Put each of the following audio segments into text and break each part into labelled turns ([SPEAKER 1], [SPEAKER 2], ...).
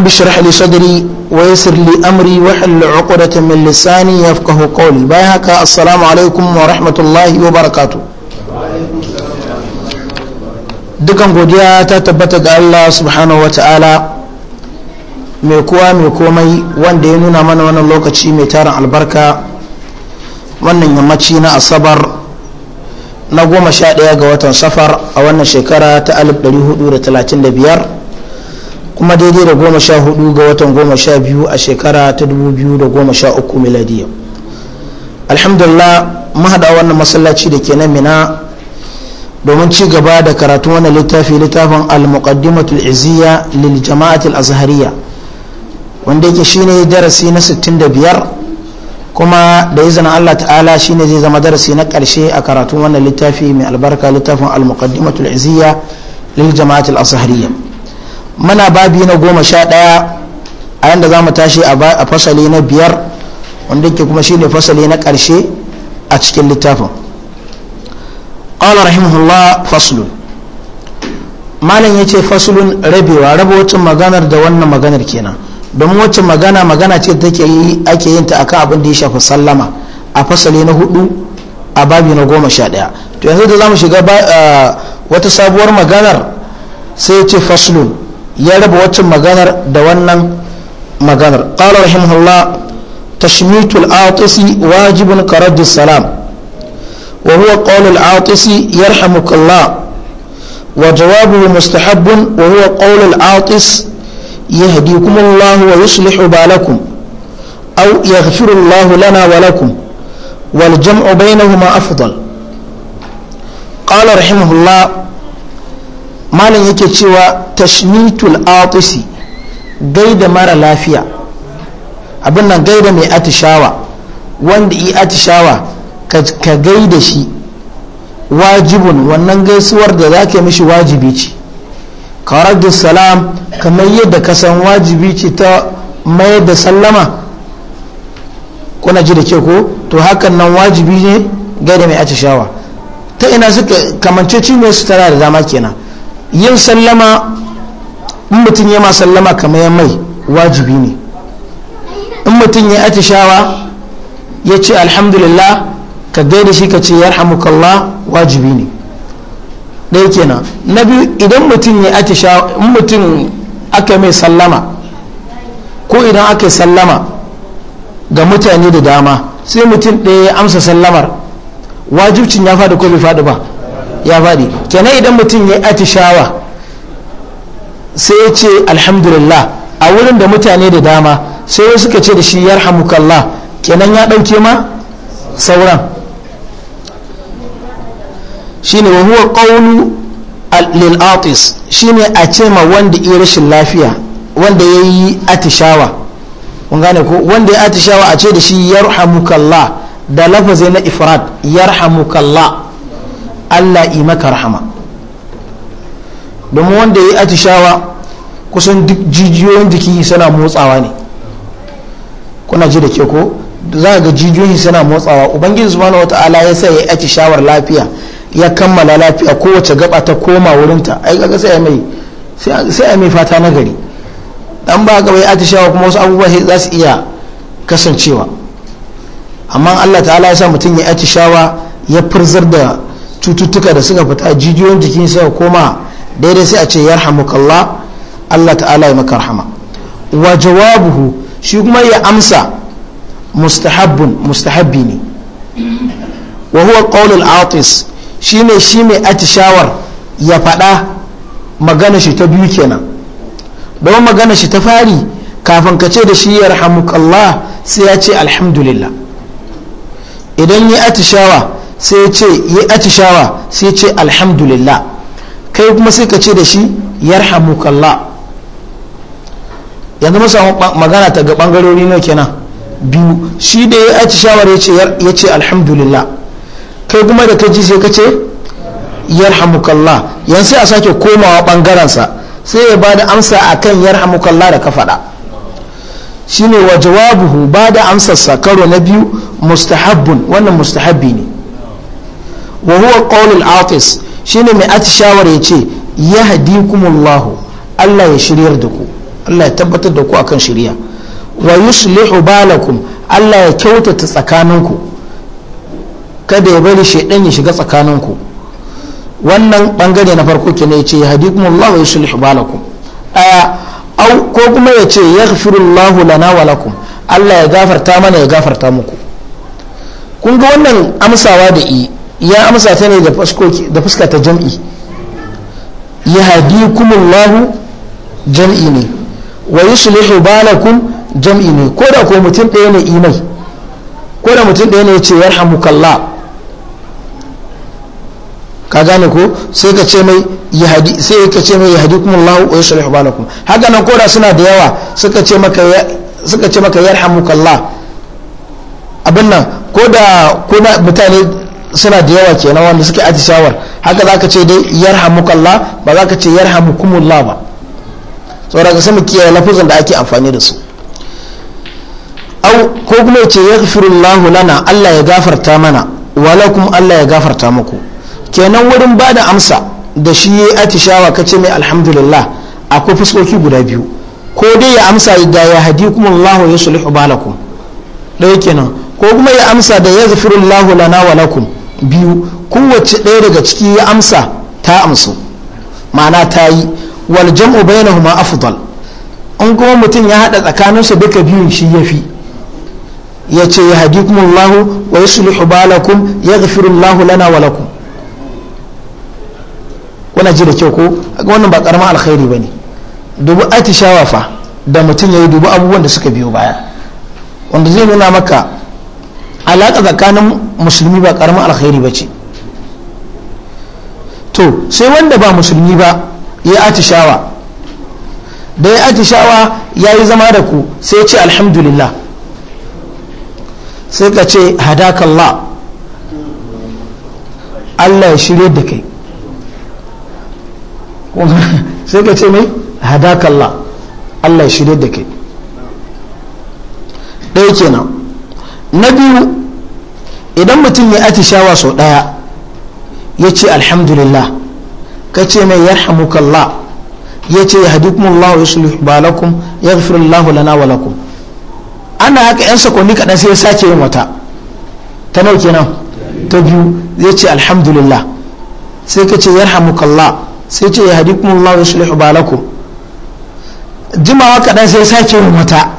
[SPEAKER 1] رب اشرح لي صدري ويسر لي أمري واحلل عقدة من لساني يفقه قولي بايهك السلام عليكم ورحمة الله وبركاته dukan godiya ta tabbata ga Allah subhanahu ta'ala mai kowa mai komai wanda ya nuna mana wannan lokaci mai tarin albarka wannan yammaci na asabar na goma sha ɗaya ga watan safar a wannan shekara ta 1435 kuma daidai da goma sha hudu ga watan goma sha biyu a shekara ta dubu biyu da goma sha uku miladiya alhamdulillah mahada wannan masallaci da ke nan mina domin ci gaba da karatu wannan littafi littafin al al izziya lil jama'atul azhariya wanda yake shine darasi na 65 kuma da izinin Allah ta'ala shine zai zama darasi na karshe a karatun wannan littafi mai albarka littafin al al izziya lil jama'atul azhariya muna babi na goma sha ɗaya a yadda za mu tashi a fasali na biyar wanda ke kuma shine fasali na ƙarshe a cikin littafin ƙawar rahimahullah faslun malam ya ce faslun rabewa raba wacce maganar da wannan maganar kenan domin wacce magana magana ce da take yi ake yin ta akan abin da ya shafi sallama a fasali na hudu a babi na goma sha ɗaya to yanzu da za mu shiga eh, wata sabuwar maganar sai ya ce faslun ya raba maganar da wannan maganar ƙalar rahima ta shimitul autosi wajibin karajin salam wa huwa ƙaunar autosi ya rahamukulla wa jawabu mustahabbin wa huwa ƙaunar autos ya haɗi kuma allahu wa yuslihu balakum au ya hafiru allahu lana walakum wal jam'u bainahuma afdal ƙalar himhulla malam yake cewa tashmitul atisi gaida mara lafiya abin nan gaida mai atishawa wanda yi atishawa ka gaida shi wajibun wannan gaisuwar da za ka mishi wajibi ce da salam kamar yadda ka san wajibi ce ta mayar da sallama kuna ji da ke ko to hakan nan wajibi ne gaida mai atishawa ta ina suka kamance ne su tara da dama kenan yin sallama in mutum ya ma sallama kama ya mai wajibi ne in mutum ya atishawa ya ce alhamdulillah ka gaida shi ka ce yarhamukallah wajibi ne ɗaya kenan na biyu idan mutum ya atishawa in mutum aka mai sallama ko idan aka yi sallama ga mutane da dama sai mutum ɗaya ya amsa sallamar wajibcin ya faɗi ko bai faɗi ba ya faɗi kenan idan mutum ya atishawa sai ya ce alhamdulillah a wurin da mutane da dama sai wasu suka ce da shi yarhamukallah kenan ya ɗauke ma sauran shine wa huwa qawlu lil atis shine a ce ma wanda ya rashin lafiya wanda ya yi atishawa kun gane ko wanda ya atishawa a ce da shi yarhamukallah da lafazai na ifrad yarhamukallah Allah yi maka rahama domin wanda ya yi atishawa kusan duk jijiyoyin jiki suna motsawa ne kuna ji da ke ko za ga jijiyoyin suna motsawa ubangiji wa ta'ala ya sa ya atishawar lafiya ya kammala lafiya kowace gaba ta koma wurinta ai kaga sai mai mai fata na gari dan ba ga bai atishawa kuma wasu abubuwa za su iya kasancewa amma Allah ta'ala ya sa mutum ya atishawa ya furzar da cututtuka da suka fita jijiyoyin jikin suka koma daidai sai a ce yarhamukallah Allah ta'ala ya maka rahama wa jawabuhu shi kuma ya amsa mustahabbun mustahabbi ne wa huwa qaulul atis shine shi mai atishawar ya faɗa magana shi ta biyu kenan don magana shi ta fari kafin ka ce da shi yarhamukallah sai ya ce alhamdulillah idan ya atishawa sai ce yi atishawa sai ce alhamdulillah kai kuma sai ka ce da shi yarhamukallah yanzu masu magana ta ga bangarori na kenan biyu shi da ya shawar ya ce alhamdulillah kai kuma da kai ji sai ka ce yarhamukallah yan sai a sake komawa bangaransa sai ya bada amsa akan yarhamukallah da ka faɗa shine wa jawabuhu bada amsarsa karo na biyu mustahabbun wannan mustahabbi ne wa huwa qaulul atis shine mai ati ya ce yahdikumullahu Allah ya shiryar da ku Allah ya tabbatar da ku akan shirya wa yuslihu balakum Allah ya kyautata tsakaninku kada ya bari shaidan ya shiga tsakaninku wannan bangare na farko kenan ya ce yahdikumullahu wa yuslihu balakum aya au ko kuma ya ce yaghfirullahu lana wa lakum Allah ya gafarta mana ya gafarta muku kun ga wannan amsawa da i ya amsa ta ne da fuska ta jam'i ya hadi kumullahu jam'i ne wa yi na balakun jam'i ne ko da ko mutum ɗaya ne imai ko da mutum ɗaya ne ce ya rahamukalla ka gane ko sai ka ce mai ya hadi sai ka ce mai ya hadi kumullahu wa yi sulihu balakun haka nan ko da suna da yawa suka ce maka suka ce maka abin nan ko da mutane suna da yawa kenan wanda suke atishawar haka za ka ce dai yarhamukallah ba za ka ce yarhamukumullah ba saboda ka sami kiyaye lafuzan da ake amfani da su ko kuma ce ya lahu lana Allah ya gafarta mana kuma Allah ya gafarta muku kenan wurin ba da amsa da shi ya shawa atishawa kace mai alhamdulillah akwai fuskoki guda biyu ko dai ya amsa da ya ya sulhu balakum ɗaya kenan ko kuma ya amsa da ya lahu lana lakum biyu kowace ɗaya daga ciki ya amsa ta amsu ma'ana ta yi wal jam'u bainahuma afdal in kuma mutum ya haɗa tsakaninsu duka biyun shi ya fi ya ce ya haɗi kuma Allah wa ya sulhu balakum ya gafirin lana wa lakum kuna ji da kyau ko wannan ba karamin alkhairi ba ne dubu atishawa fa da mutum ya yi dubu abubuwan da suka biyo baya wanda zai nuna maka alaƙa tsakanin musulmi ba ƙaramin alkhairi ba ce to sai wanda ba musulmi ba ya atishawa da ya atishawa ya yi zama da ku sai ce alhamdulillah sai ka ce hadakallah Allah ya shirye da kai sai ka ce mai hadakallah Allah ya shirye da kai ɗaya kenan na biyu idan mutum ya atishawa sau ɗaya ya ce alhamdulillah ka ce mai yarhamukallah ya ce yahdikumullahu yuslih balakum yaghfirullahu lana wa lakum ana haka yan sakonni kadan sai ya sake yin wata ta nauke kenan ta biyu ya ce alhamdulillah sai ka ce yarhamukallah sai ce yahdikumullahu yuslih balakum jimawa kadan sai ya sake yin wata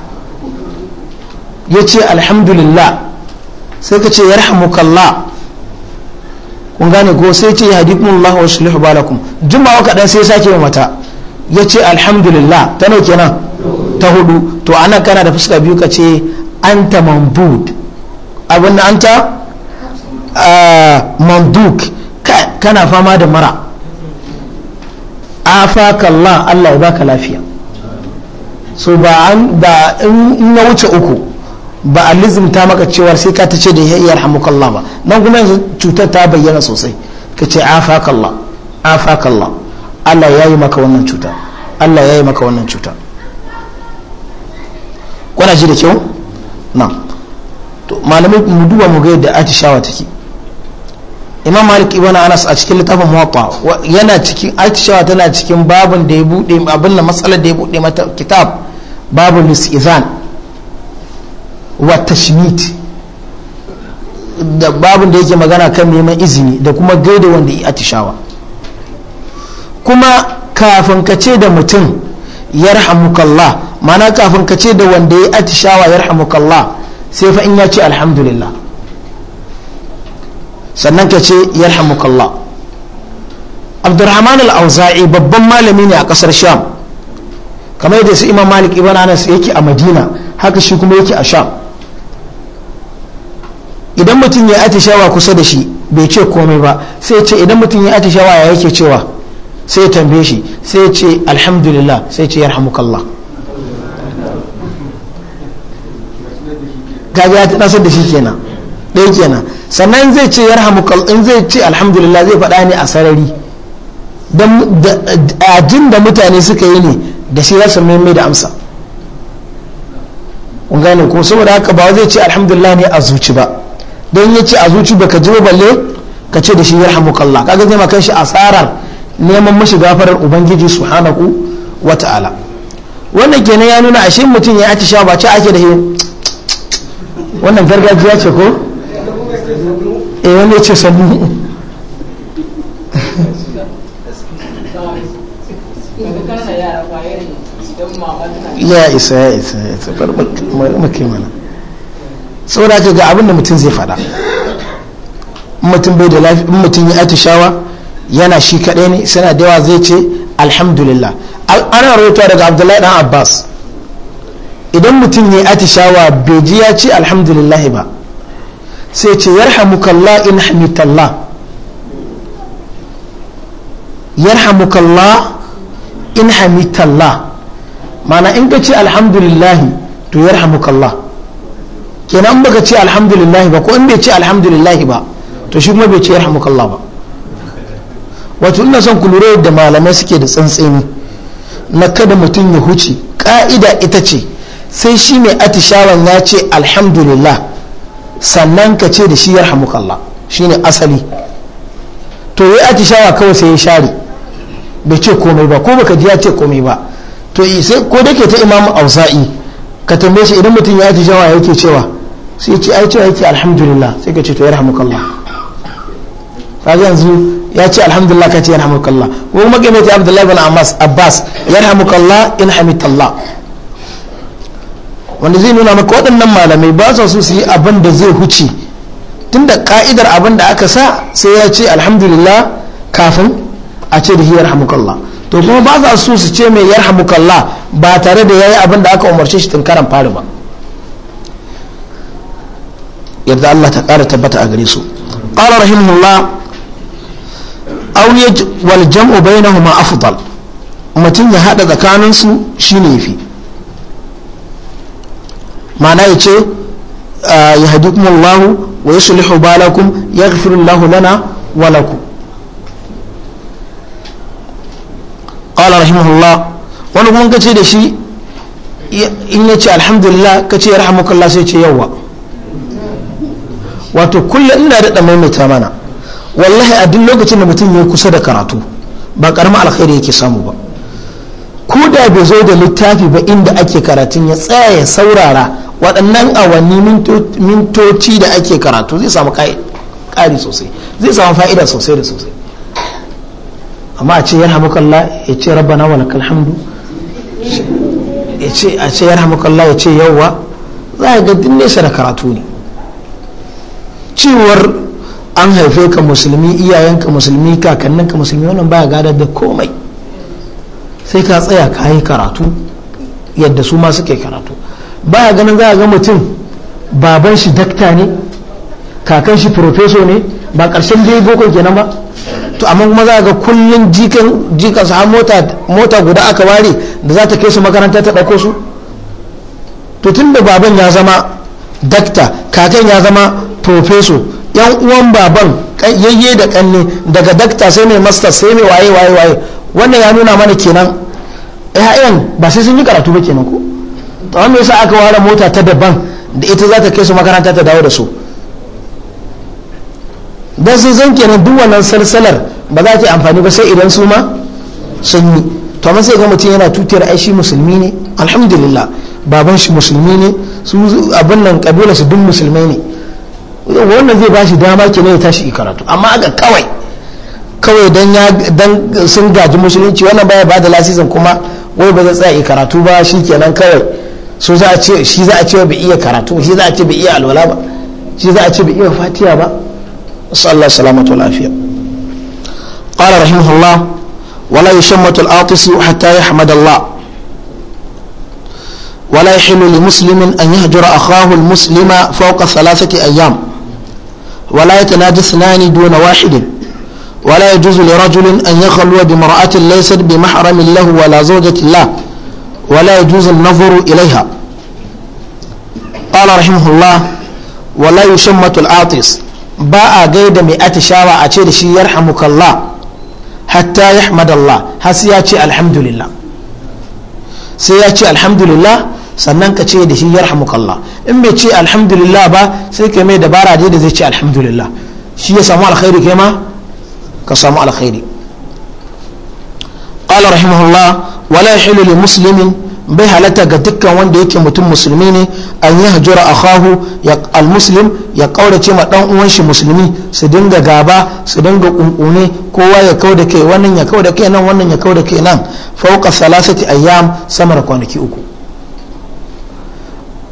[SPEAKER 1] ya ce alhamdulillah sai ka ce yarhamukallah kun gane ko sai ce yahdikumullah wa yuslihu balakum juma'a kaɗan sai sake mata ya ce alhamdulillah ta ne kenan ta hudu to ana kana da fuska biyu ka ce anta mambud abin da anta ah, manduk kana fama da mara afakallah Allah ya baka lafiya so ba in na wuce uku ba a lizimta maka cewar sai ka ta ce da ya yarhamukallah ba nan kuma yanzu cutar ta bayyana sosai ka ce afakalla afakallah Allah ya yi maka wannan cuta Allah ya yi maka wannan cuta kwana ji da kyau na malamai mu duba mu ga yadda atishawa take imam malik ibn anas a cikin littafin muwatta yana cikin atishawa tana cikin babin da ya bude abin da matsalar da ya bude mata kitab babul istizan wa tashmit da babin da yake magana kan neman izini da kuma gaida wanda ya atishawa kuma kafin ka ce da mutum ya rahamukallah mana kafin ka ce da wanda ya atishawa ya rahamukallah sai fa in ya ce alhamdulillah sannan ka ce ya rahamukallah abdurrahman al-auza'i babban malami ne a kasar sham kamar yadda su imam malik ibn anas yake a madina haka shi kuma yake a sham idan mutum ya atishawa kusa da shi bai ce komai ba sai ce idan mutum ya atishawa ya yake cewa sai ya tambaye shi sai ce alhamdulillah sai ce yarhamukallah gaji ya nasar da shi kenan ɗaya kenan sannan zai ce yarhamukal in zai ce alhamdulillah zai faɗa ne a sarari a jin da mutane suka yi ne da shi rasa mai da amsa kun gane ko saboda haka ba zai ce alhamdulillah ne a zuci ba don ya ce a zuci baka ji balle ka ce da shi ya kalla kaga zai makan shi asarar neman mashi gafarar ubangiji subhanahu wa ta'ala wannan kenan ya nuna ashe mutum ya ci ba ce ake da shi wannan gargajiya ce ko eh wanda ya ce sannu ya isa ya isa ya isa bar saboda ce ga abin da mutum zai fada mutum bai da ya atishawa yana shi kaɗai ne sana da yawa zai ce alhamdulillah ana rawaito daga abdullahi dan abbas idan mutum ya atishawa bai ji ya ce alhamdulillah ba sai ce yarhamukallah in hamitallah yarhamukallah in hamitallah mana in ka ce alhamdulillah to yarhamukallah kenan baka ce alhamdulillah ba ko in bai ce alhamdulillah ba to shi kuma bai ce yarhamukallah ba wato ina son ku lura da malamai suke da tsantseni na kada mutum ya huce ka'ida ita ce sai shi mai atishawan ya ce alhamdulillah sannan ka ce da shi yarhamukallah shine asali to yi atishawa kawai sai ya share bai ce komai ba ko baka ji ya ce komai ba to sai ko da ke ta imamu ausa'i ka tambaye shi idan mutum ya atishawa yake cewa sai ce ai cewa yake alhamdulillah sai ka ce to yarhamukallah kaga yanzu ya ce alhamdulillah ka ce yarhamukallah wani kuma kai mai abdullahi bin abbas abbas yarhamukallah in hamitallah wanda zai nuna maka waɗannan malamai ba su su yi abin da zai huce tunda ka'idar abin da aka sa sai ya ce alhamdulillah kafin a ce da hiyar hamukallah to kuma ba za su su ce mai yar hamukallah ba tare da ya yi abin da aka umarce shi tunkaran fari ba yadda Allah ta ƙara tabbata a gare su qala rahimahullah aw wal jam'u bainahuma afdal mutum ya hada tsakanin su shine yafi ma'ana yace yahdikum Allah wa yuslihu balakum yaghfiru Allah lana wa lakum qala rahimahullah wani kuma kace da shi in yace alhamdulillah kace rahmakallah sai ce yawa wato kullum ina daɗa maimaita mana wallahi a duk lokacin da mutum ya kusa da karatu ba karamin alkhairi yake samu ba ko da bai zo da littafi ba inda ake karatun ya tsaya ya saurara waɗannan awanni mintoci da ake karatu zai samu ƙari sosai zai samu fa'ida sosai da sosai amma a ce ya kalla ya ce rabbana wa lakal hamdu a ce ya kalla ya ce yawwa za a ga duk nesa da karatu ne cewar an haife ka musulmi iyayenka musulmi kakanninka musulmi wannan baya gada da komai sai ka tsaya ka yi karatu yadda su ma suke karatu baya ganin za a ga mutum baban shi dakta ne kakan shi profeso ne ba karshen da ya boko kenan ba to amma kuma za a ga kullum jikan jikan su mota guda aka ware da za ta kai su makaranta ta ɗauko su to tun baban ya zama dakta kakan ya zama profeso yan uwan baban yayye da kanne daga dakta sai mai master sai mai waye waye waye wannan ya nuna mana kenan ƴaƴan ba sai sun yi karatu ba kenan ko to amma yasa aka ware mota ta daban da ita za ta kai su makaranta ta dawo da su dan sun san kenan duk wannan salsalar ba za ta yi amfani ba sai idan su ma sun yi to amma sai ga mutum yana tutiyar ai shi musulmi ne alhamdulillah baban shi musulmi ne su abin nan kabila su duk musulmai ne wannan zai bashi dama kenan ya tashi karatu amma aka kawai kawai dan ya dan sun gaji musulunci wannan baya bada lasisin kuma wai ba zai tsaya yi karatu ba shikenan kawai so za a ce shi za a ce bai iya karatu shi za a ce bai iya alwala ba shi za a ce bai iya fatiya ba sallallahu alaihi wa lafiya qala rahimahullah wala yashammatu al-atisi hatta yahmad Allah ولا يحل لمسلم أن يهجر أخاه المسلم فوق ثلاثة أيام ولا يتناجس اثنان دون واحد ولا يجوز لرجل أن يخلو بمرأة ليست بمحرم له ولا زوجة له ولا يجوز النظر إليها قال رحمه الله ولا يشمت العاطس باء قيد مئة شارع أتشير شي يرحمك الله حتى يحمد الله هسياتي الحمد لله سياتي الحمد لله sannan ka ce da shi yarhamukallah in bai ce alhamdulillah ba sai ka mai dabara da zai ce alhamdulillah shi ya samu alkhairi ke ma ka samu alkhairi قال رحمه wala ولا يحل لمسلم bai halatta ga dukkan wanda yake mutum musulmi ne an yi hajjura a kahu almuslim ya kaurace ma dan uwan shi musulmi su dinga gaba su dinga kunkune kowa ya kau da kai wannan ya kau da kai nan wannan ya kau da kai nan fauka salasati ayyam samar kwanaki uku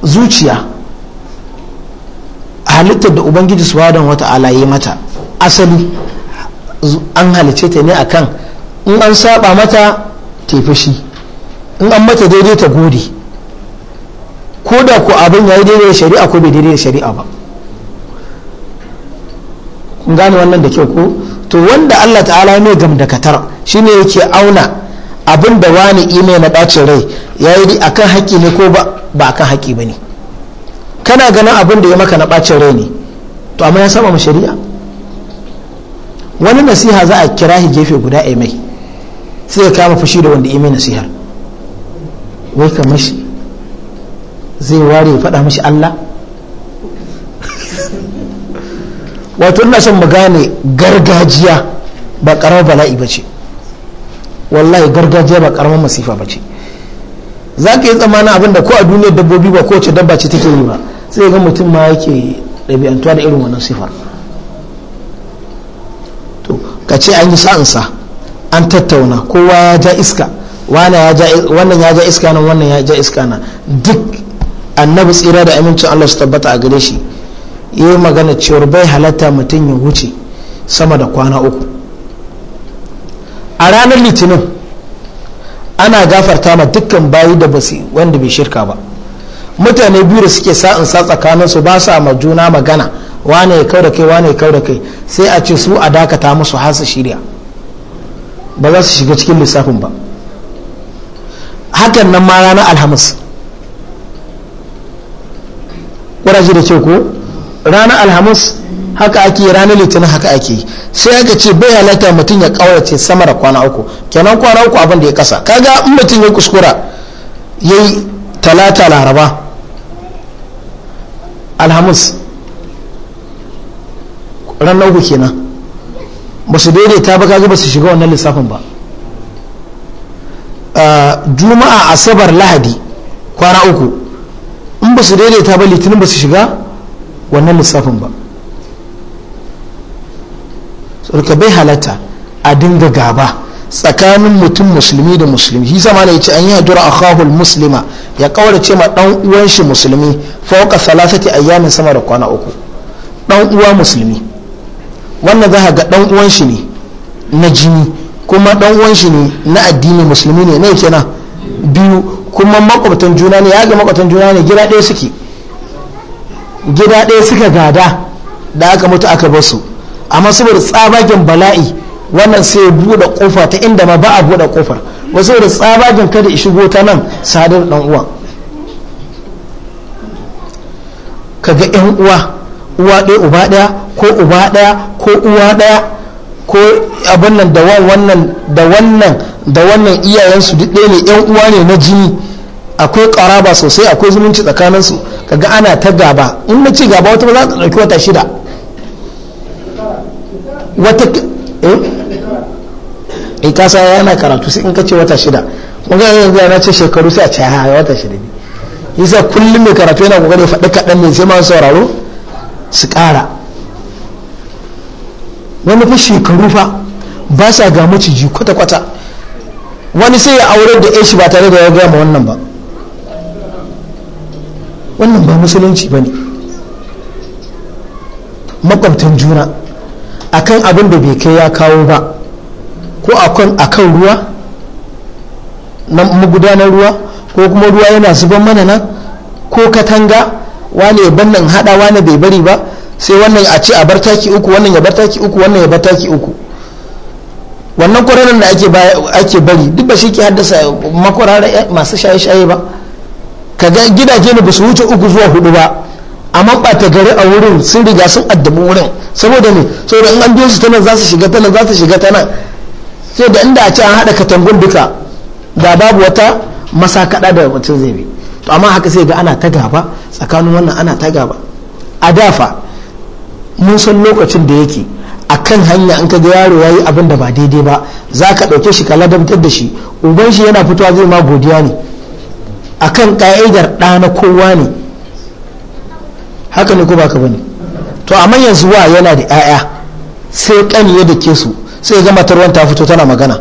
[SPEAKER 1] zuciya halittar da ubangiji subhanahu wata'ala ya mata asali an halice ta ne akan in an saba mata tefashi in an mata daidai ta gode ko da ku abin ya yi daidai da shari'a ko bai daidai da shari'a ba kun gane wannan da kyau ko to wanda Allah ta'ala mai gamdakatar shine yake auna abin da wani ime na ɓacin rai ya yi a kan haƙƙi ne ko ba a kan haƙƙi ba ne kana ganin abin da ya maka na ɓacin rai ne to amma ya saba ma shari'a wani nasiha za a kira shi gefe guda a mai sai ya kama fushi da wanda ime nasihar wai ka mashi zai ware ya faɗa mashi Allah wato ina son mu gane gargajiya ba ƙarar bala'i ba ce wallahi gargajiya ba karamar masifa ba ce za ka yi tsammanin abin ko a duniyar dabbobi ba kowace dabba ce take yi ba sai ga mutum ma yake ɗabi'antuwa da irin wannan sifar to ka ce an yi sa'ansa an tattauna kowa ya ja iska wannan ya ja iska nan wannan ya ja iska nan duk annabi tsira da amincin allah su tabbata a gare shi yi magana cewar bai halatta mutum ya wuce sama da kwana uku a ranar litinin ana gafarta ma dukkan bayi da basi wanda bai shirka ba mutane biyu da suke sa'in sa tsakaninsu ba su ma juna magana wane ya kau da kai wane ya kau da kai sai a ce su a dakata musu har su shirya ba za su shiga cikin lissafin ba hakan nan ma ranar alhamis ƙuraji da ce ko ranar alhamis haka ake ranar litinin haka ake sai aka ce bai halatta mutum ya kaurace sama da kwana uku kenan kwana uku abin da ya kasa kaga in mutum ya kuskura ya yi talata laraba alhamis ranar uku kenan ba su daidaita ba kaga ba su shiga wannan lissafin ba ah, juma'a asabar lahadi kwana uku in ba su daidaita ba litinin ba su shiga wannan lissafin ba saboda bai halatta a dinga gaba tsakanin mutum musulmi da musulmi shi zama ne ce an yi hadura akhahul muslima ya ce ma dan uwan shi musulmi fauka salasati ayyamin sama da kwana uku dan uwa musulmi wannan za ga dan uwan shi ne na jini kuma dan uwan shi ne na addini musulmi ne ne kenan biyu kuma makwabtan juna ne ya ga makwabtan juna ne gida ɗaya suke gida ɗaya suka gada da aka mutu aka basu ama saboda tsabagen bala'i wannan sai ya buɗe kofa ta inda ma ba a buɗe ƙofar wasu da tsabagen kada shigo ta nan sadar ɗan uwa kaga yan uwa uwa ɗaya uba ɗaya ko uba ɗaya ko uwa ɗaya ko abin da wannan da wannan da wannan iyayensu duk ɗaya ne yan uwa ne na jini akwai ƙaraba sosai akwai zumunci tsakaninsu kaga ana ta gaba in na ci gaba wata ba za ta ɗauki wata shida wata eh, eh kasa yana karatu sai in ka ce wata shida kuma yanzu yana ce shekaru sai a ce ha wata shida ne yasa kullum mai karatu yana kokarin faɗi kaɗan ne sai masu sauraro su ƙara wani fa shekaru fa ba sa ga maciji kwata-kwata wani sai ya aure da shi ba tare da ya gama wannan ba wannan ba musulunci ba ne makwabtan juna akan abin da bai kai ya kawo ba ko akan akan ruwa na magudanar ruwa ko kuma ruwa yana zuban mana nan ko katanga wane ya bannan hada wane bai bari ba sai wannan a ce a bar taki uku wannan ya bar taki uku wannan ya bar taki uku wannan kwararren da ake bari duk ba shi ke haddasa makwararren eh, masu shaye-shaye ba kaga gidaje ne ba su wuce uku zuwa hudu ba amma ɓata gari a wurin sun riga sun addabi wurin saboda ne saboda in an biyo su ta nan za su shiga ta za su shiga ta nan sai da inda a ce an haɗa katangun duka da babu wata masakaɗa da mutum zai bi to amma haka sai ga ana ta gaba tsakanin wannan ana ta gaba a dafa mun san lokacin da yake a kan hanya ka ga yaro ya yi abin da ba daidai ba za ka ɗauke shi ka ladabtar da shi uban shi yana fitowa zai ma godiya ne a kan ƙa'idar ɗa na kowa ne haka ne ko baka bane to amma yanzu wa yana da ƴaƴa sai kaniye da ke su sai ga matarwan ta fito tana magana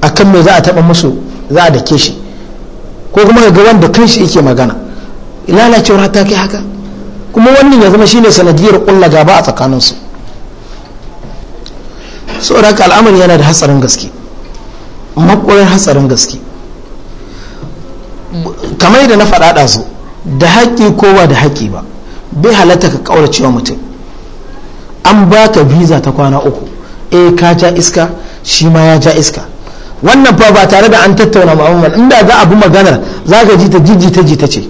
[SPEAKER 1] akan me za a taba musu za a dake shi ko kuma ga wanda kan shi yake magana lalacewar ta kai haka kuma wannan ya zama shine sanadiyar kulla gaba a tsakanin tsakaninsu saboda haka al'amari yana da hatsarin gaske makwarin hatsarin gaske kamar da na faɗaɗa su da haƙƙi ko ba da haƙƙi ba bai halatta ka cewa mutum an baka visa ta kwana uku eh ka ja iska shi ma ya ja iska wannan fa ba tare da an tattauna ma'amman inda za a bi maganar za ka ji ta jijjita ta ce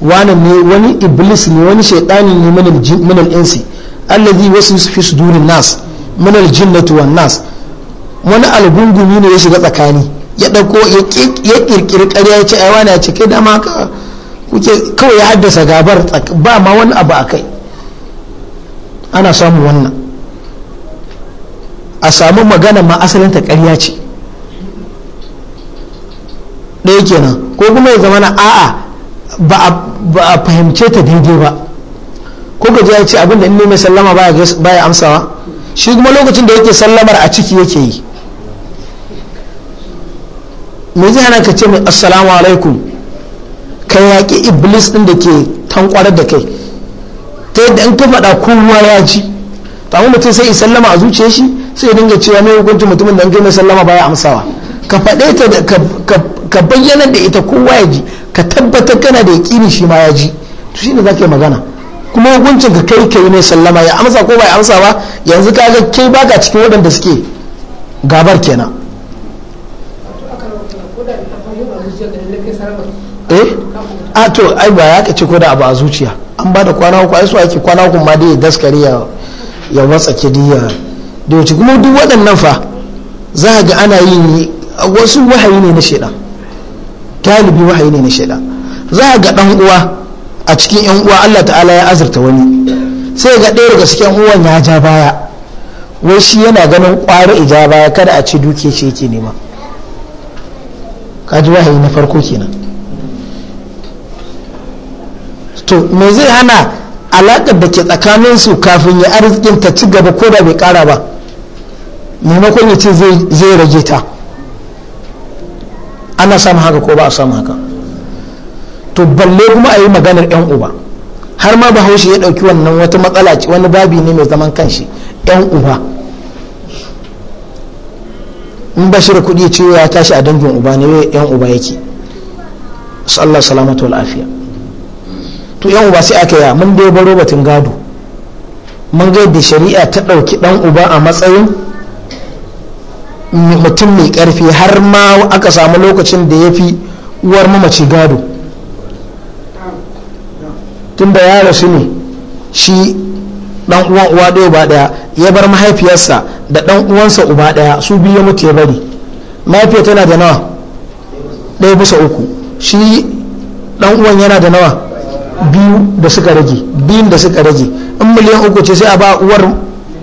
[SPEAKER 1] wani ne wani iblis ne wani shaidani ne minal insi allazi wasu fi sudurin nas minal jinnatu wan nas wani algungumi ne ya shiga tsakani ya ɗauko ya kirkiri ƙarya ya ce ai wani ya ce kai dama kuke kawai ya haddasa gabar ba ma wani abu a kai ana samun wannan a samu magana ma asalin ta ƙarya ce ɗaya kenan ko kuma ya zama na a'a ba a fahimce ta daidai ba ko ka ya ce abinda in mai sallama baya amsawa shi kuma lokacin da yake sallamar a ciki yake yi me zai hana ka ce mai assalamu alaikum ka yaƙi iblis ɗin da ke tankwarar da kai ta yadda in ka faɗa kowa ya ji to amma mutum sai sallama a zuciyar shi sai ya dinga cewa mai hukuncin mutumin da an mai sallama baya amsawa ka faɗe ta ka bayyana da ita kowa ya ji ka tabbatar kana da yaƙini shi ma ya ji to za ka yi magana kuma hukuncin ka kai kai mai sallama ya amsa ko bai amsa ba yanzu ka ga kai baka cikin waɗanda suke gabar kenan a to ai ba ya ka ci ko da abu a zuciya an ba da kwana uku ai su ake kwana uku ma dai daskare ya ya watsa kidiya da wuce kuma duk waɗannan fa za ga ana yi wasu wahayi ne na shaidan talibi wahayi ne na shaidan za a ga ɗan uwa a cikin yan uwa Allah ta'ala ya azurta wani sai ga ɗaya daga cikin uwan ya ja baya wai shi yana ganin ƙwari ija baya kada a ci duke shi yake nema kaji wahayi na farko kenan to me zai hana alaƙar da ke tsakanin su kafin ya arzikin ta ci gaba ko da bai ƙara ba maimakon ya ce zai rage ta ana samun haka ko ba a samun haka to balle kuma a yi maganar 'yan uba har ma bahaushe ya ɗauki wannan wata matsala ce wani babi ne mai zaman kanshi 'yan uba in da kuɗi ce ya tashi a dangin uba ne yan uba yake sallar salamatu wal afiya to yan uba sai aka ya mun dai baro batun gado mun ga da shari'a ta ɗauki ɗan uba a matsayin mutum mai karfi har ma aka samu lokacin da ya fi uwar mamaci gado tun da ya rasu ne shi ɗan uwan uwa ɗaya uba daya ya bar mahaifiyarsa da ɗan uwansa uba daya su biyu ya mutu ya bari mahaifiyar tana da nawa ɗaya bisa uku shi ɗan uwan yana da nawa biyu da suka rage biyun da suka rage in miliyan uku ce sai a ba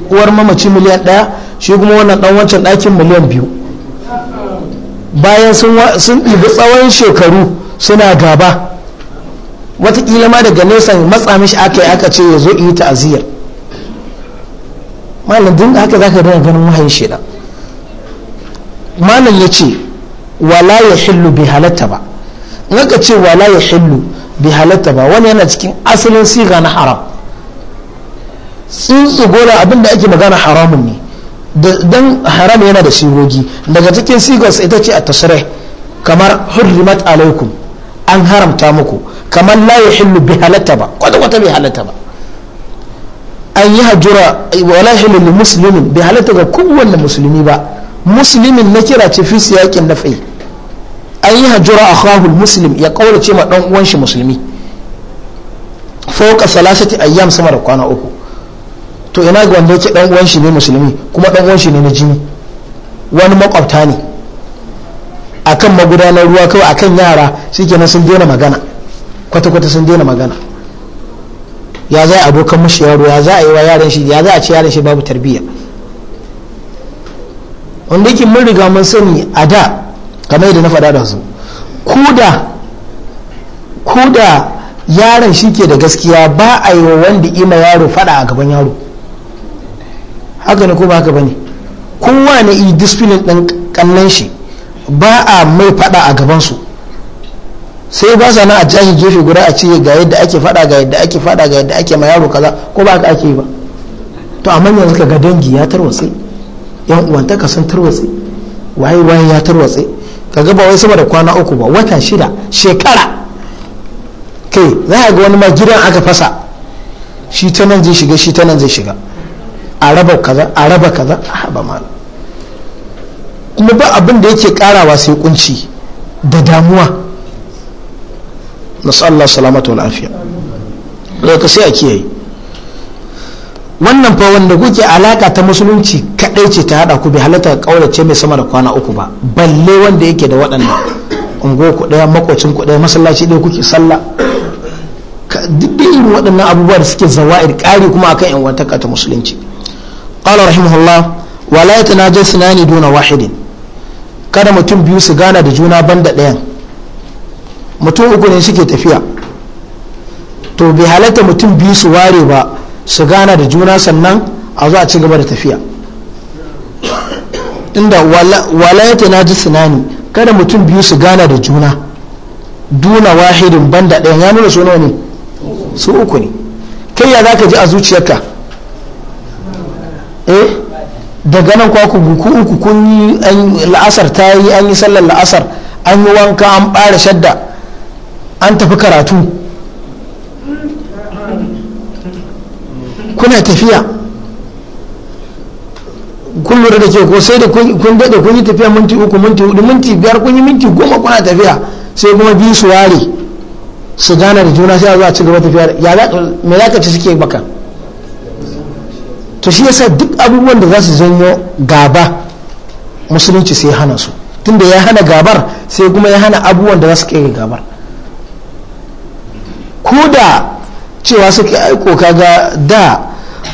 [SPEAKER 1] uwar mamaci miliyan ɗaya shi kuma wannan ɗan wancan ɗakin miliyan biyu bayan sun ɗibi tsawon shekaru suna gaba watakila ma daga nesa matsa mishi aka yi aka ce ya zo yi ta'aziyar malam din haka zaka dana ganin wahayin shida malam ya ce wala ya hillu bai halatta ba in aka ce wala ya hillu bai halatta ba wani yana cikin asalin siga na haram tsuntsu gola abin da ake magana haramun ne don haram yana da sigogi daga cikin sigarsa ita ce a tashirai kamar hurrimat alaikum an haramta muku kamar layi hillu bi halatta ba kwata-kwata bi halatta ba an yi hajjura wala hillu musulmin bai halatta ga kowanne musulmi ba musulmin na kira ce fi siyakin na an yi hajjura akhahul muslim ya kaurace ma dan uwan shi musulmi fauka salasati ayyam sama da kwana uku to ina ga wanda yake dan uwan shi ne musulmi kuma dan uwan shi ne na jini wani makwabta ne akan magudanar ruwa kawai akan yara nan sun daina magana kwata kwata sun daina magana ya za a abokan mashi yaro ya za a yi wa yaran shi ya za a ci yaran shi babu tarbiyya wanda yake mun riga mun sani a da kamar yadda na faɗa da su ku da yaron shi ke da gaskiya ba a yi wa wanda ima yaro faɗa a gaban yaro haka ne ko ba haka ba ne kowa ne yi disfilin ɗin ƙannan shi ba a mai faɗa a gabansu sai ba sa nan a jahi gefe guda a ce ga yadda ake faɗa ga yadda ake faɗa ga yadda ake ma yaro kaza ko ba haka ake yi ba to amma yanzu ka ga dangi ya tarwatse yan uwantaka sun tarwatse waye waye ya tarwatse ga ba wai sama da kwana uku ba wata shida shekara kai za ga wani ma gidan aka fasa shi ta nan zai shiga shi ta nan zai shiga a raba kaza a raba kaza a ba mal kuma ba abin da yake karawa sai kunci da damuwa nasu Allah salamata wal afiya sai a kiyaye wannan fa wanda kuke alaka ta musulunci kadai ce ta hada ku bi halatta kaurace mai sama da kwana uku ba balle wanda yake da waɗanda. ungo ku daya makocin ku daya masallaci daya kuke sallah Ka waɗannan abubuwa da suke zawa'ir ƙari kuma akan yan wata ta musulunci qala rahimahullah wa la yatanajaw nani duna wahidin kada mutum biyu su gana da juna banda ɗayan mutum uku ne suke tafiya to bai halatta mutum biyu su ware ba su gana da juna sannan a zo ci gaba da tafiya inda walayata na ji sinani kada mutum biyu su gana da juna duna wahidin banda ɗaya ya nuna suna ne su uku ne kai ya za ka ji a zuciyarka eh daga nan kwa ku buku uku kun yi la'asar ta yi an yi sallar la'asar an yi wanka an ɓare shadda an tafi karatu kuna tafiya kun lura da ke ko sai da kun daɗe kun yi tafiya minti uku minti hudu minti biyar kun yi minti goma kuna tafiya sai kuma biyu su ware su gana da juna sai a zuwa ci gaba tafiya me za ka ci suke baka to shi yasa duk abubuwan da za su zanyo gaba musulunci sai hana su tunda ya hana gabar sai kuma ya hana abubuwan da za su kai gabar ko da cewa suke aiko kaga da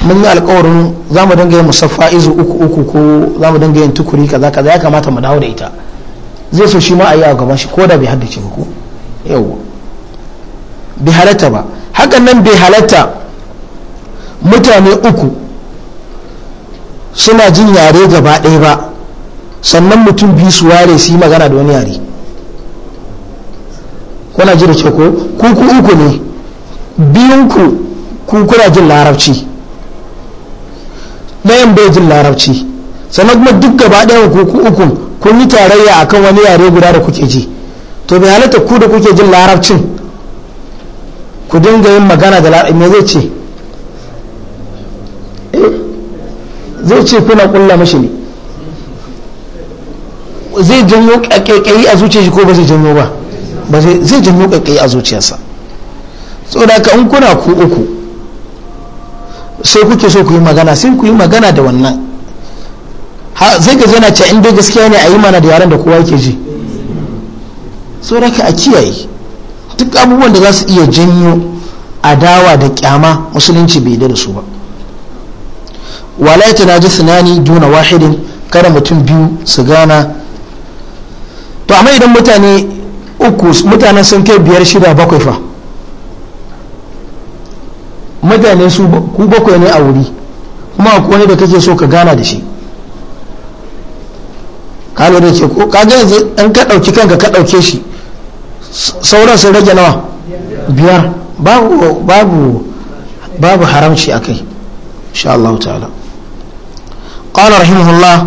[SPEAKER 1] mun yi alkawarin za mu dinga yin musaffa izu uku uku ko za mu dinga yin tukuri kaza kaza ya kamata mu dawo da ita zai so shi ma a yi a gaban shi ko da bai haddace ba ko yawwa bai halatta ba hakan nan bai halatta mutane uku suna jin yare gaba ɗaya ba sannan mutum biyu su ware su yi magana da wani yare kuna ji da ko ku ku uku ne biyunku ku kuna jin larabci na yan bejin larabci sannan kuma duk gaba ɗayan hukuku uku kun yi tarayya akan wani yare guda da kuke ji to bai halatta ku da kuke jin larabcin ku dinga yin magana da larabci me zai ce eh, zai ce kuna kulla mashi ne zai janyo kakkayi a zuciyarsa ko ba zai janyo ba zai janyo kakkayi a zuciyarsa saboda ka in kuna ku uku sai kuke so ku yi magana sai ku yi magana da wannan zai ka zana ce in dai gaskiya ne a yi mana da yaran da kowa yake ji tsoraka a kiyaye duk abubuwan da za su iya janyo adawa da kyama musulunci bai da su ba wala ta naji sinani duna wahidin kada mutum biyu su gana to amma idan mutane uku mutanen sun kai biyar shida bakwai fa mutane su ku bakwai ne a wuri kuma ku wani da kake so ka gana da shi ka lura ce ko ka ga yanzu an ka dauki kanka ka dauke shi sauran sun rage nawa biyar babu babu babu haramci akai insha Allah ta'ala qala rahimahullah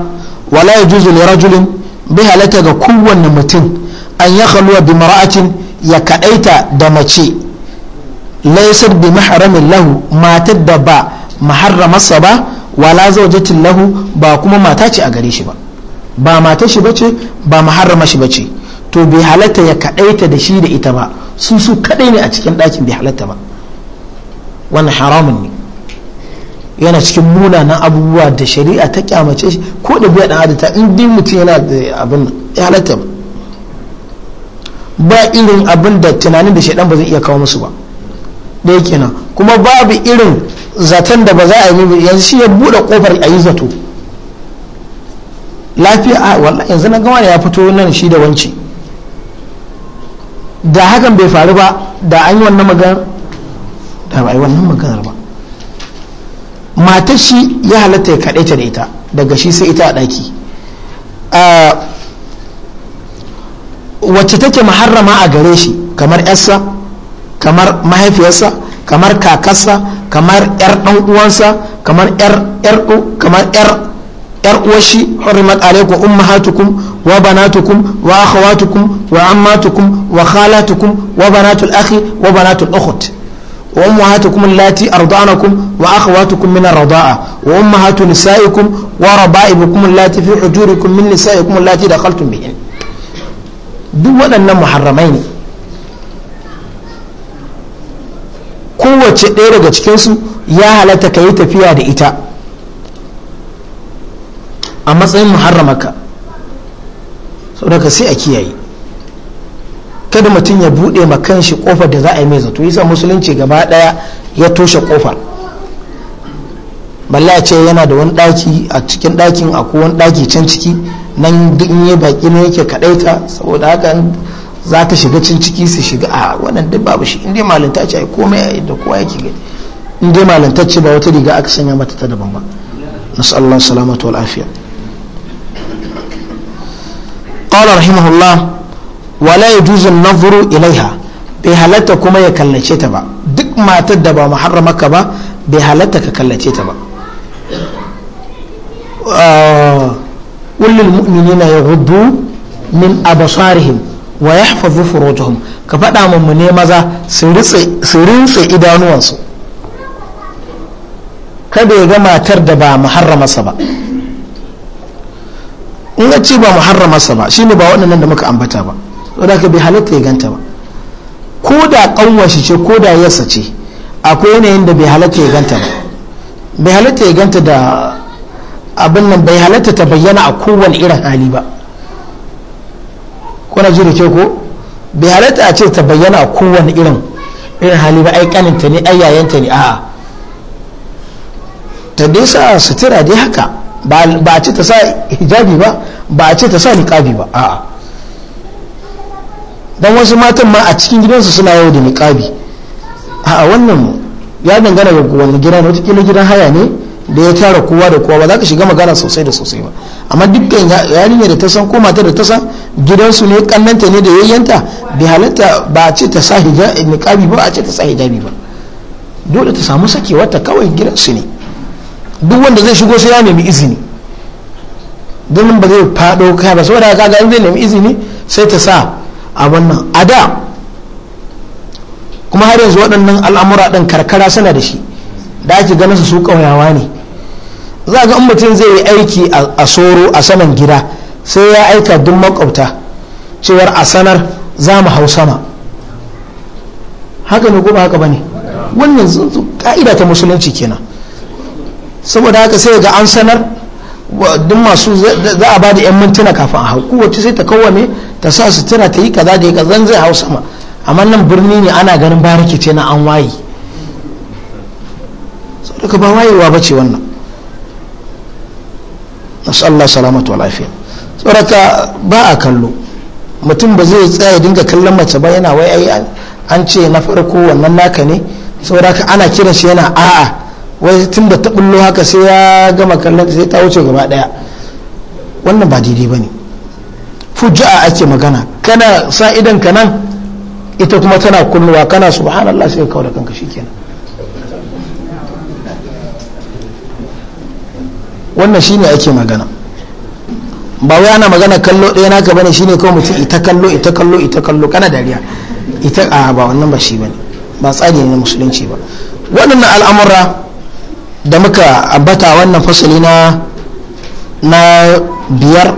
[SPEAKER 1] wala yajuzu li rajulin bi halata ga kowanne mutum an ya khaluwa bi mar'atin ya kadaita da mace laisar bi maharamin lahu matar da ba maharramarsa ba wala zaujatin lahu ba kuma mata ce a gare shi ba ba mata shi bace ba maharrama shi bace to bai halatta ya kadaita da shi da ita ba su su kadai ne a cikin dakin bai halatta ba wannan haramun ne yana cikin munanan abubuwa da shari'a ta kyamace shi ko da biya dan adata in din mutum yana da abin ya halatta ba ba irin abin da tunanin da shaidan ba zai iya kawo musu ba ɗaya kenan kuma babu irin zaton da ba za a yi yanzu shi ya buɗe ƙofar a yi zato lafiya a wallahi yanzu na gama ya fito nan shi da wanci da hakan bai faru ba da an yi wannan magana da ba a yi wannan maganar ba matar shi ya halatta ya kaɗaita da ita daga shi sai ita a ɗaki wacce take maharrama a gare shi kamar yarsa kamar mahaifiyarsa kamar kakarsa kamar yar dan uwansa kamar yar yar kamar yar yar uwashi hurrimat alaikum ummahatukum wa banatukum wa akhawatukum wa ammatukum wa khalatukum wa banatul akhi wa banatul ukhti وأمهاتكم اللاتي أرضعنكم وأخواتكم من الرضاعة وأمهات نسائكم وربائبكم اللاتي في حجوركم من نسائكم اللاتي دخلتم بهن دول محرمين kowace ɗaya daga cikinsu ya halatta ka yi tafiya da ita a matsayin muharramaka saboda sai a kiyaye kada mutum ya buɗe ma shi kofar da za a yi mai zato yasa musulunci gaba ɗaya ya toshe kofar balla ce yana da wani ɗaki a cikin ɗakin a wani ɗaki can ciki nan duk in yi baki ne yake kaɗaita saboda haka za ta shiga cin ciki su shiga a ah, wannan duk babu shi inda malanta ce ai komai a yadda kowa yake gani inda malanta ce ba wata riga aka sanya mata ta daban ba nasallallahu salamatu wal afiya qala rahimahullah wala yajuzu an-nazru ilaiha bai halatta kuma ya kallace ta ba duk matar da ba ka ba bai halatta ka kallace ta ba na ah, mu'minina yaghuddu min absarihim wa yahfazu furujahum ka faɗa mu ne maza su rintse idanuwansu kada ya ga matar da ba haramarsa ba in ya ce ba haramarsa ba shine ba waɗannan da muka ambata ba wadda ka bai halatta ya ganta ba ko da ƙanwashi ce ko da yasa ce akwai yanayin da bai halatta ya ganta ba bai halatta ya ganta da abin nan bai halatta ta bayyana a kowane irin hali ba kuna ji da ke ko bai halatta a ce ta bayyana a kowane irin irin hali ba ai kaninta ne ai yayanta ne a'a ta dai sa sutura dai haka ba a ce ta sa hijabi ba ba a ce ta sa niqabi ba a'a dan wasu matan ma a cikin gidansu suna yau da niqabi a'a wannan ya dangana ga wani gidan wata gidan haya ne da ya tara kowa da kowa ba za ka shiga magana sosai da sosai ba amma dukkan yarinya da ta san ko mata da ta san gidansu ne kannanta ne da yayyanta bi halatta ba a ce ta sa hijabi ba a ce ta sa hijabi ba dole ta samu sakewa ta kawai gidansu ne duk wanda zai shigo sai ya nemi izini don ba zai fado kai ba saboda ka ga zai nemi izini sai ta sa a wannan a da kuma har yanzu waɗannan al'amura ɗin karkara suna da shi da ake ganin su su ƙauyawa ne za ga mutum zai yi aiki a soro a saman gida sai ya aika duk makwabta cewar a sanar za mu hau sama haka ne ko ba haka ba ne wannan ka'ida ta musulunci kenan saboda haka sai ga an sanar duk masu za a ba da 'yan mintuna kafin a hau wacce sai ta kawame ta sa sutura ta yi kaza da yaka zan zai hau sama amma nan birni ne ana ganin ba ce na an waye saboda ka ba wayewa ba ce wannan nasu Allah salamatu wa lafiya tsoraka ba a kallo mutum ba zai tsaya dinga kallon mace ba yana wai ai an ce na farko wannan naka ne tsoraka ana kiran shi yana a'a wai tun da ta bullo haka sai ya gama kallon sai ta wuce gaba daya wannan ba daidai ba ne fujja'a ake magana kana sa idan ka nan ita kuma tana kunnuwa kana subhanallah sai ka kawo da kanka kenan. wannan shine ake magana ba wai ana magana kallo ɗaya naka bane shine kawai mutum ita kallo ita kallo ita kallo kana dariya ita a ba wannan ba shi bane ba tsari ne na musulunci ba waɗannan al'amura da muka ambata wannan fasali na na biyar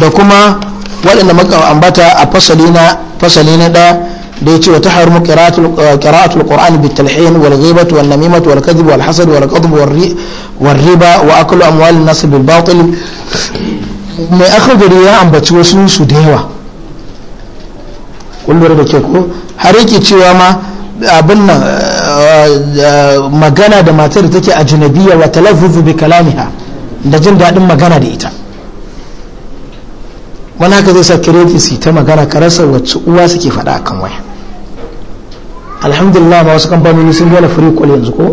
[SPEAKER 1] da kuma waɗanda muka ambata a fasali na fasali na ɗaya da ya ce wa tahrimu eh, qira'atul qur'an bit talhin wal wal wal hasad wal wal riba wa aklu amwal an-nas bil batil mai akhadari ya ambaci wasu su da yawa da ke ko har yake cewa ma abin nan eh, eh, magana da matar da take ajnabiya wa talaffuzu bi kalamiha da jin daɗin magana da ita wani haka zai sa kireti su ta magana karasa rasa wacce uwa suke faɗa akan waya alhamdulillah ba wasu kamfanoni sun dole free call yanzu ko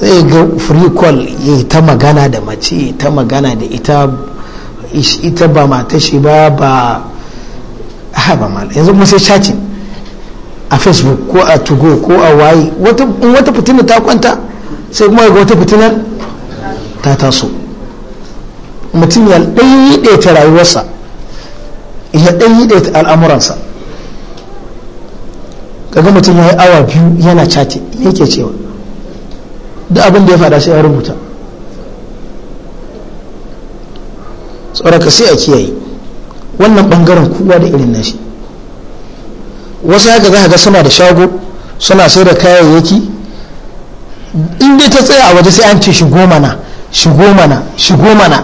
[SPEAKER 1] zai ga free call ya ta magana da mace ta magana da ita ita ba mata shi ba ba ha ba mal yanzu kuma sai chatting a facebook ko a tugo ko a waye wata in wata fitina ta kwanta sai kuma ga wata fitinar ta taso mutum ya ɗaya ta rayuwarsa ya ɗaya ta al'amuransa kaga mutum ya yi awa biyu yana cati yake cewa duk abin da ya fada sai ya rubuta tsoraka sai a kiyaye wannan bangaren kowa da irin nashi wasu ya gaza ga suna da shago suna sai da kayayyaki inda ta tsaya a waje sai an ce shigo mana shigo mana shigo mana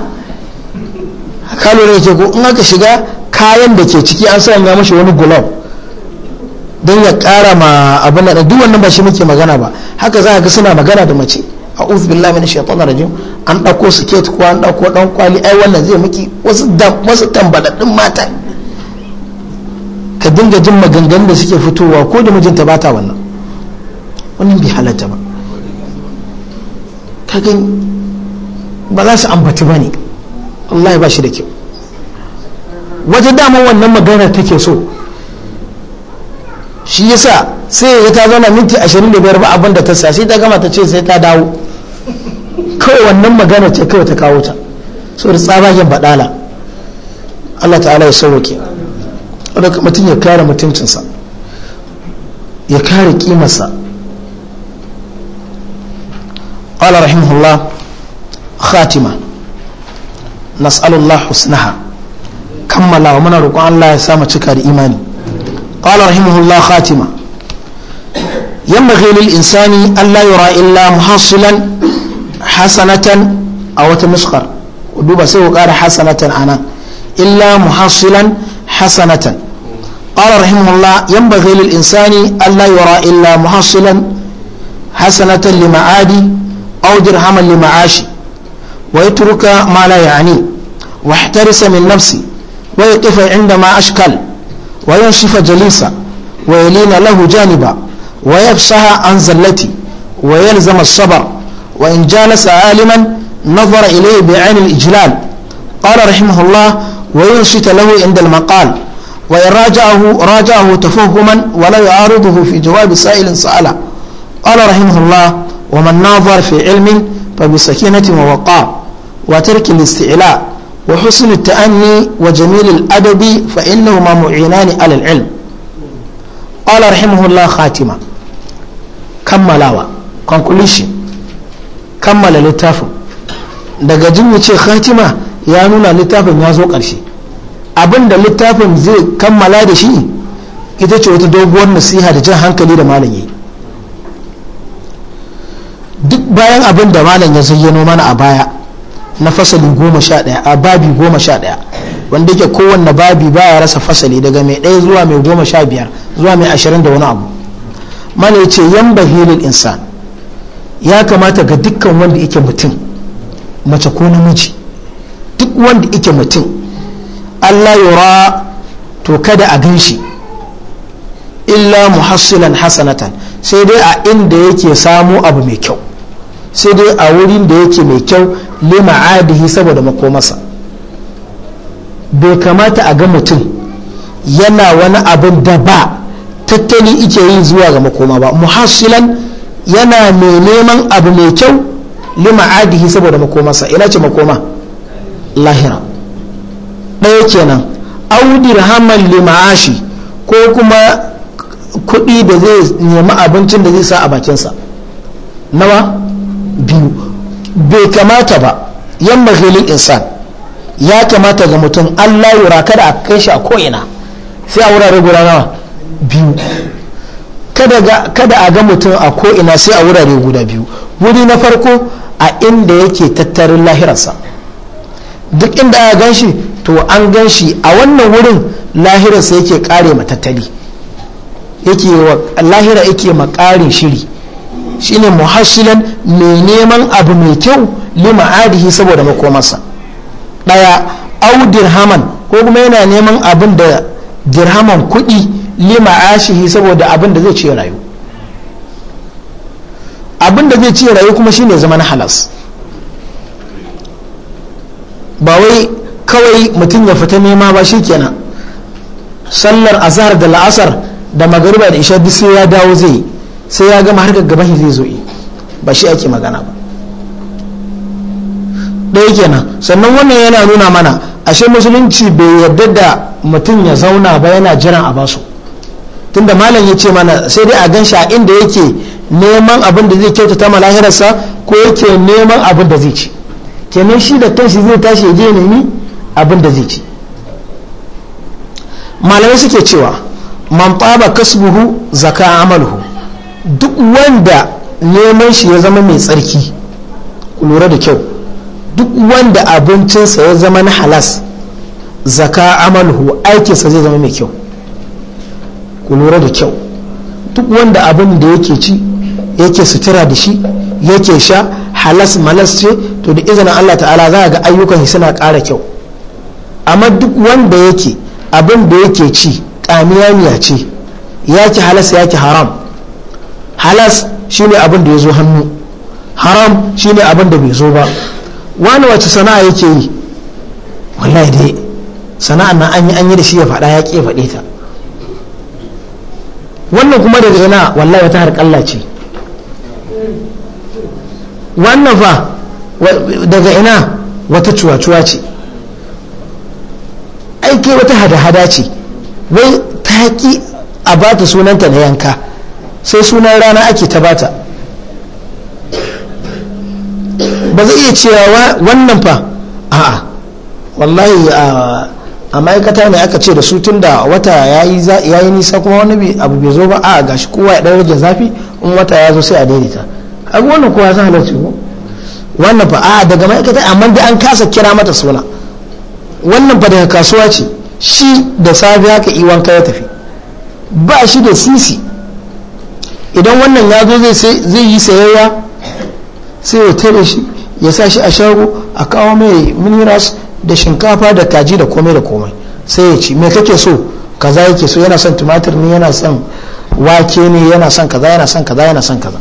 [SPEAKER 1] ka lura ke ko in aka shiga kayan da ke ciki an sanya mashi wani gulob don ya kara ma abin da duk wannan ba shi muke magana ba haka za a ga suna magana da mace a billahi min shaitan rajim an ɗauko siket ko an ɗauko dan kwali ai wannan zai miki wasu wasu tambadaddun mata ka dinga jin maganganun da suke fitowa ko da mijinta ba ta wannan wannan bai halatta ba ka gani ba za su ambaci ba ne Allah ya ba shi da kyau wajen dama wannan maganar take so shi yasa sai ya ta zama minti 25 ba abin da ta sa sai ta gama ta ce sai ta dawo kawai wannan magana ce kawai ta kawo ta so da tsabagen badala Allah ta'ala ya sauke wadda mutum ya kare mutuncinsa ya kare kimarsa Khatima رحمه الله خاتمة نسأل الله حسنها كمل Allah ya الله cika da imani. قال رحمه الله خاتمة ينبغي للإنسان ألا يرى إلا محصلا حسنة أو تمسخر ودوبا سوى قال حسنة أنا إلا محصلا حسنة قال رحمه الله ينبغي للإنسان ألا يرى إلا محصلا حسنة لمعادي أو درهما لمعاشي ويترك ما لا يعنيه واحترس من نفسي ويقف عندما أشكل وينشف جليسا ويلين له جانبا ويغشها عن زلتي ويلزم الصبر وإن جالس عالما نظر إليه بعين الإجلال قال رحمه الله وينشط له عند المقال وإن راجعه, راجعه تفهما ولا يعارضه في جواب سائل سأله قال رحمه الله ومن ناظر في علم فبسكينة ووقار وترك الاستعلاء وحسن التأني وجميل الأدب فإنهما معينان على العلم قال رحمه الله خاتمة كملاوة conclusion kammala littafin daga jin ya ce khatima ya nuna littafin ya zo ƙarshe abinda littafin zai kammala da shi ita ce wata doguwar nasiha da jan hankali da malam duk bayan abin da malam ya zayyano mana a baya na fasali goma sha ɗaya a babi goma sha ɗaya wanda yake kowanne babi ba ya rasa fasali daga mai ɗaya zuwa mai goma sha biyar zuwa mai ashirin da wani abu mana yace yan bahirin insan ya kamata ga dukkan wanda yake mutum mace ko namiji duk wanda yake mutum allah yura to kada a gan shi illa muhassilan hasanatan sai dai a inda yake samu abu mai kyau sai dai a wurin da yake mai kyau lima adihi saboda makomasa bai kamata a ga mutum yana wani abin da ba tattali ike yi zuwa ga makoma ba muhassilan yana mai neman abu mai kyau lima adihi saboda makomasa ina ce makoma lahira ɗaya kenan audir haman lima'ashi ko kuma kuɗi da zai nemi abincin da zai sa a bakinsa nawa biyu bai kamata ba yan filin insan ya kamata ga mutum allah yura kada a kai shi a ko'ina sai a wurare guda nawa biyu kada a ga mutum a ko'ina sai a wurare guda biyu wuri na farko a inda yake tattarin lahirarsa duk inda a gan shi to an gan shi a wannan wurin lahirarsa yake kare matattali yake lahira yake makarin shiri shine muhassilan mai neman abu mai kyau lima adihi saboda makomarsa daya au dirhaman ko kuma yana neman abin da dirhaman kuɗi lima ashihi saboda abin da zai ce rayu abin da zai ce rayu kuma shine zama na halas ba wai kawai mutum ya fita nema ba shi kenan sallar azhar da la'asar da magariba da isha duk sai ya dawo zai sai ya gama harkar gaba shi zai zo yi ba shi ake magana ba ɗaya kenan sannan wannan yana nuna mana ashe musulunci bai yarda da mutum ya zauna ba yana jiran a basu tunda malam ya ce mana sai dai a gan shi a inda yake neman abin da zai kyautata ma lahirarsa ko yake neman abin da zai ci kenan shi da shi zai tashi ya je nemi abin da zai ci malamai suke cewa man tsaba kasbuhu zaka amalhu duk wanda neman shi ya zama mai tsarki ku lura da kyau duk wanda abincinsa ya zama na halas zaka amalhu aikinsa zai zama mai kyau ku lura da kyau duk wanda abin da yake ci yake sutura da shi yake sha halas malas ce to da izinin Allah ta'ala za ga ayyukan suna kara kyau amma duk wanda yake abin da yake ci ƙamiyaniya ce ya ki halas ya ki haram halas shine abin da ya zo hannu haram shine abin da bai zo ba wani wace sana'a yake yi wallahi dai sana'a na an yi an yi da shi ya faɗa ya ƙe faɗe ta wannan kuma daga ina wallahi wata harƙalla ce wannan fa daga ina wata cuwa-cuwa ce aiki wata hada-hada ce wai ta haƙi a ba ta sunanta na yanka sai sunan rana ake ta bata ba zai iya cewa wannan fa a'a wallahi a ma'aikata ne aka ce da su tun da wata ya yi nisa kuma wani abu bai zo ba a gashi kowa ya ɗan zafi in wata ya zo sai a daidaita abu wannan kowa sun halarci ko wannan fa a daga ma'aikata amma da an kasa kira mata suna wannan fa daga kasuwa ce shi da safe haka iwan ya tafi ba shi da sisi idan wannan ya zo zai yi sayayya sai ya tare shi ya sa shi a shago a kawo mai muniras da shinkafa da kaji da komai da komai sai ya ci mai kake so kaza yake so yana son tumatir ne yana son wake ne yana son kaza yana son kaza yana son kaza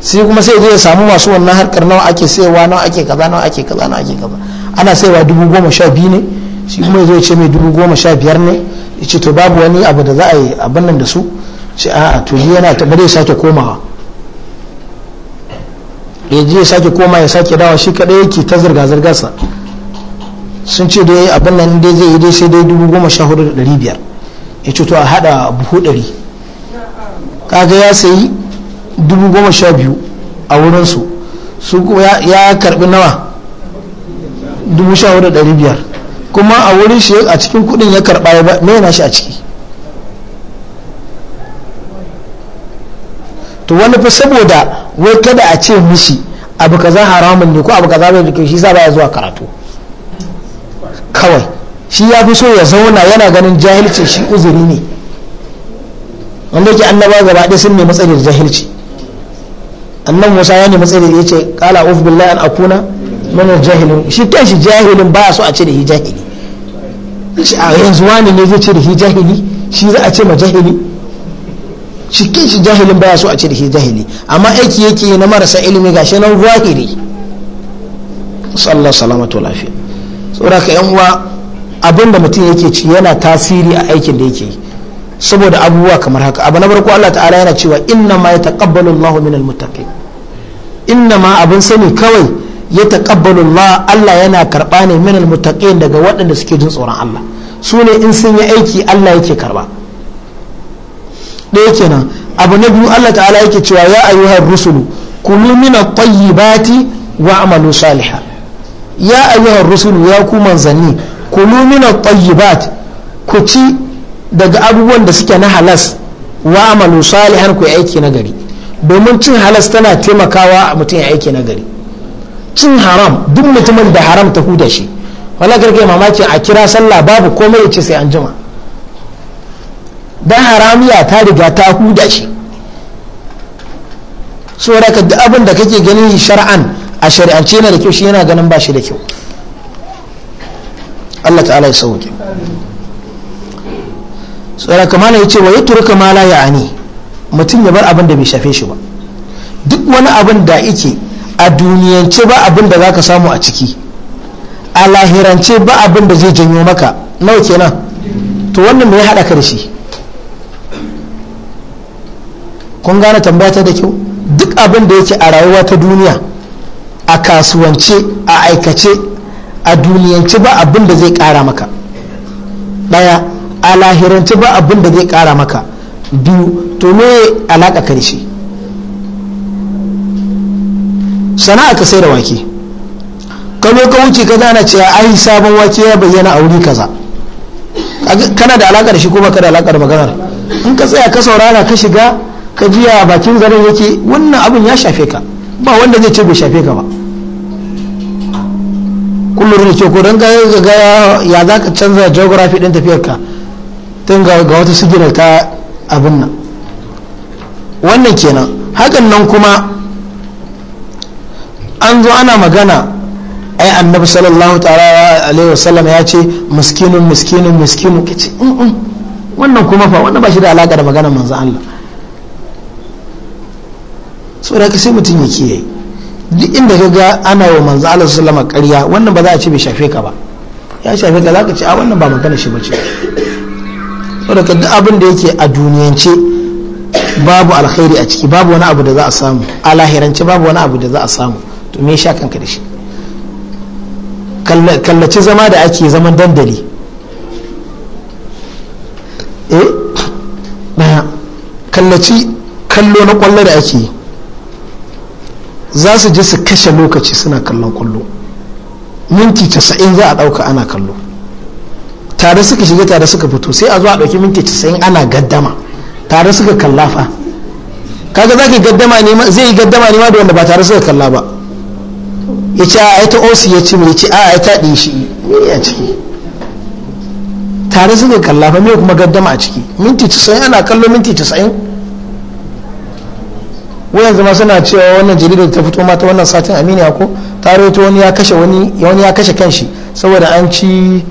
[SPEAKER 1] sai kuma sai ya samu masu wannan harkar nawa ake saiwa nawa ake kaza nawa ake kaza nawa ake kaza ana saiwa dubu goma sha biyu ne shi kuma ya ce mai dubu goma sha biyar ne ya ce to babu wani abu da za a yi abin nan da su sai a'a to ji yana ta ya sake komawa ya ji ya sake koma ya sake dawa shi kadai yake ta zirga-zirgarsa sun ce dai abin nan dai zai yi dai sai dai dubu goma sha hudu da dari biyar ya ce to a hada buhu ɗari kaga ya sayi dubu goma sha biyu a wurinsu su ya karbi nawa dubu sha hudu da dari biyar kuma a wurin shi a cikin kudin ya karba ya ba me yana shi a ciki to wani fa saboda wai kada a ce mishi abu kaza haramun ne ko abu kaza bai da shi sa baya zuwa karatu kawai shi ya fi so ya zauna yana ganin jahilci shi uzuri ne wanda yake annaba gaba ɗaya sun nemi matsalar jahilci annan musa ya nemi tsari ya ce kala uf billahi an akuna mana jahilin shi kan shi jahilin ba so a ce da shi jahili a yanzu wani ne zai ce da shi jahili shi za a ce ma jahili cikin shi jahilin baya so a ce da shi jahili amma aiki yake na marasa ilimi gashi nan zahiri sallallahu salamatu lafiya tsora ka yan uwa abin mutum yake ci yana tasiri a aikin da yake yi saboda abubuwa kamar haka abu na farko Allah ta'ala yana cewa inna ma ya taqabbalu Allah min almuttaqin inna ma abin sani kawai ya taqabbalu Allah Allah yana karba ne min almuttaqin daga waɗanda suke jin tsoron Allah su ne in sun yi aiki Allah yake karba ɗaya kenan abu na biyu Allah ta'ala yake cewa ya ayyuhar rusulu kulu mina tayyibati wa amalu saliha ya ayyuhar rusulu ya ku manzanni kulu mina at-tayyibat ku ci daga abubuwan da suke na halas wa amalu salihan ku aiki na gari domin cin halas tana taimakawa a mutum ya aiki na gari cin haram duk mutumin da haram ta huda shi wala gargai mamaki a kira sallah babu komai ya ce sai an jima don haramiya ta riga ta huda shi so ka duk abin da kake ganin shar'an a shari'ance yana da kyau shi yana ganin ba shi da kyau Allah ta'ala ya sauke saboda kamar ya ce wa yi turka ma la ani, mutum ya bar abin da bai shafe shi ba duk wani abin da yake a duniyance ba abin da za ka samu a ciki a lahirance ba abin da zai janyo maka nawa kenan to wannan mai haɗa ka kun gane tambaya ta da kyau duk abin da yake a rayuwa ta duniya a kasuwance a aikace a duniyance ba abin da zai kara maka daya a lahirance ba abin da zai kara maka biyu to me alaka karshe sana'a ka sai da wake ka zo ka wuce ka zana cewa ai sabon wake ya bayyana a wuri kaza kana da alaka da shi ko baka da alaka da maganar in ka tsaya ka saurara ka shiga ka jiya bakin zaren yake wannan abin ya shafe ka ba wanda zai ce bai shafe ka ba kullum da ke ko don ga ya za ka canza geography din tafiyar ka tun ga wata sigilar ta abin nan wannan kenan hakan nan kuma an zo ana magana ai annabi sallallahu ta'ala alaihi wasallam ya ce miskinun miskinun miskinun kace ce mm, mm. wannan kuma fa wannan ba shi da alaka da maganar manzo Allah saboda ka sai mutum ya kiyaye duk inda ka ga ana wa manzo Allah sallama ƙarya wannan ba za a ce bai shafe ka ba ya shafe ka zaka ce a wannan ba magana shi bace saboda ka duk abin da yake a duniyance babu alkhairi a ciki babu wani abu da za a samu a lahirance babu wani abu da za a samu to me sha kanka da shi kallaci zama da ake zaman dandali eh kallaci kallo na kwallo da ake yi za su je su kashe lokaci suna kallon kwallo minti casa'in za a ɗauka ana kallo tare suka shiga tare suka fito sai a zo a ɗauki minti casa'in ana gaddama tare suka kalla fa kaga za ka gaddama ne zai yi gaddama ne ma da wanda ba tare suka kalla ba ya ce a ta osi ya ce mai ce a ya taɗe ɗin shi ya ciki tare suka kalla fa me kuma gaddama a ciki minti casa'in ana kallo minti casa'in wayan yanzu ma suna cewa wannan jaridar ta fito mata wannan satin aminiya ko ta rawaito wani ya kashe wani wani ya kashe kanshi saboda an ci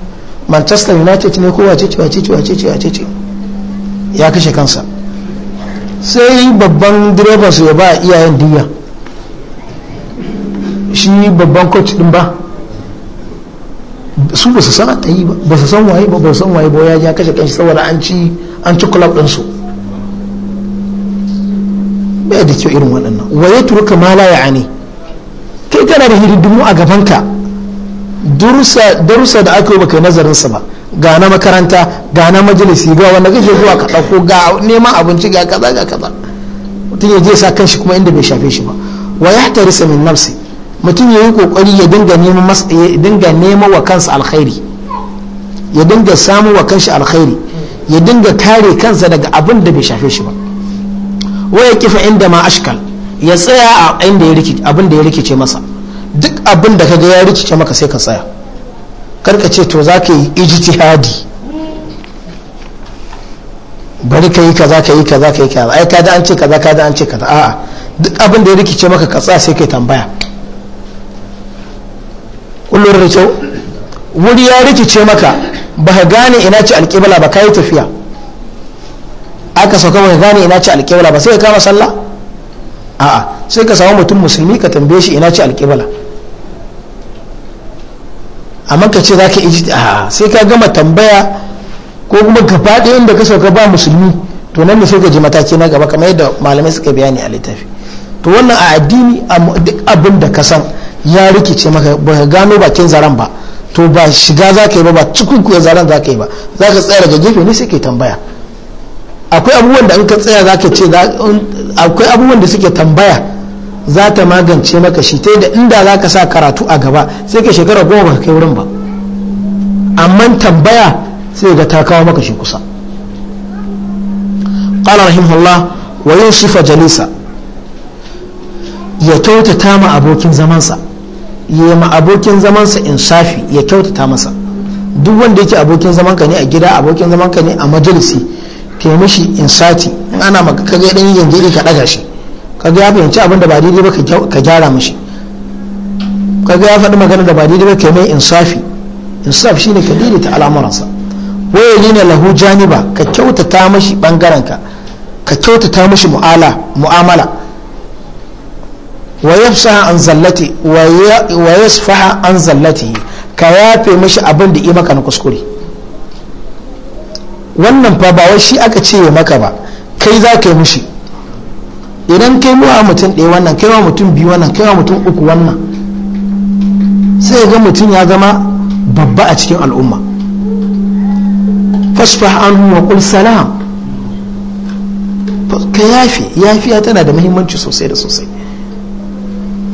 [SPEAKER 1] manchester united ne ko wace ce wace ce wace ce wace ce ya kashe kansa sai babban direban su ya ba iyayen diya shi babban coach din ba su ba su san ta yi ba ba su san waye ba ba su san waye ba ya kashe kanshi saboda an ci an ci club din su bai da kyau irin waɗannan waye ya turuka ma la kai kana da hidindimu a gabanka darussa da aka yi baka nazarin sa ba ga na makaranta ga na majalisi ga wanda kake zuwa ka dauko ga neman abinci ga kaza ga kaza mutum ya je sa kanshi kuma inda bai shafe shi ba wa ya tarisa min nafsi mutum ya yi kokari ya dinga neman ya dinga nema wa kansa alkhairi ya dinga samu wa kanshi alkhairi ya dinga kare kansa daga abin da bai shafe shi ba waya kifa inda ma ashkal ya tsaya a inda ya rikice abin da ya rikice masa duk abin da kaga ya rikice maka sai ka tsaya karka ce to zaka yi ijtihadi bari ka yi kaza ka yi kaza ka kaza ai ka da an ce kaza ka da an ce kaza a'a duk abin da ya rikice maka ka tsaya sai kai tambaya kullum da wuri ya rikice maka ba ka gane ina ce alƙibla ba ka yi tafiya aka sauka mai gane ina ce alƙibla ba sai ya kama sallah a'a sai ka samu mutum musulmi ka tambaye shi ina ce alƙibla amma ka ce za iji a'a sai ka gama tambaya ko kuma gaba ɗaya inda ka sauka ba musulmi to nan ne sai ka ji mataki na gaba kamar yadda malamai suka bayani a littafi to wannan a addini duk abin da ka san ya rikice maka ba ka gano bakin zaren ba to ba shiga za ka yi ba ba cikin kuwa zaren za ka yi ba za ka tsaya daga gefe ne sai ka tambaya akwai abubuwan da in ka tsaya za ka ce akwai abubuwan da suke tambaya za ta magance maka shi ta da inda za ka sa karatu a gaba sai ka shekara goma ba kai wurin ba amma tambaya sai ga ta kawo maka shi kusa قال رحمه الله shifa jalisa ya kyautata ma abokin zamansa ya ma abokin zamansa insafi ya kyautata masa duk wanda yake abokin zamanka ne a gida abokin zamanka ne a majalisi ke mishi insati in ana maka kaga dan yanzu ka daga shi kaga ya fahimci abin da ba daidai ba ka gyara mishi kaga ya faɗi magana da ba daidai ba ke mai insafi insaf shine ka daidaita al'amuransa Waye ne lahu janiba ka kyautata mishi bangaren ka ka kyautata mishi mu'amala wa yafsaha an zallati wa yasfaha an zallati ka yafe mishi abin da maka na kuskure wannan fa ba wai shi aka ce ya maka ba kai za ka yi mushi idan kai a mutum ɗaya wannan kai wa mutum biyu wannan kai wa mutum uku wannan sai ga mutum ya zama babba a cikin al'umma fasfah an wa qul salam ka yafi yafiya tana da muhimmanci sosai da sosai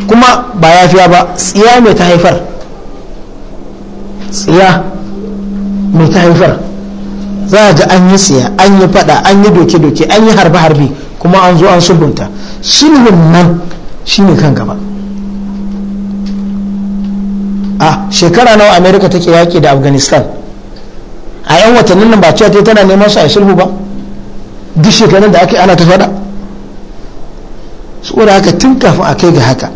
[SPEAKER 1] kuma ba yafiya ba tsiya mai ta haifar tsiya mai ta haifar za a ji an yi siya an yi fada an yi doke-doke an yi harbe-harbe kuma an zo an sulhunta sulhun nan shine kan gaba a shekara nawa amerika take yaƙi da afghanistan a yan watannin nan ba cewa ta tana neman su a sulhu ba duk shekarun da aka yi ana ta fada saboda haka tun kafin a kai ga haka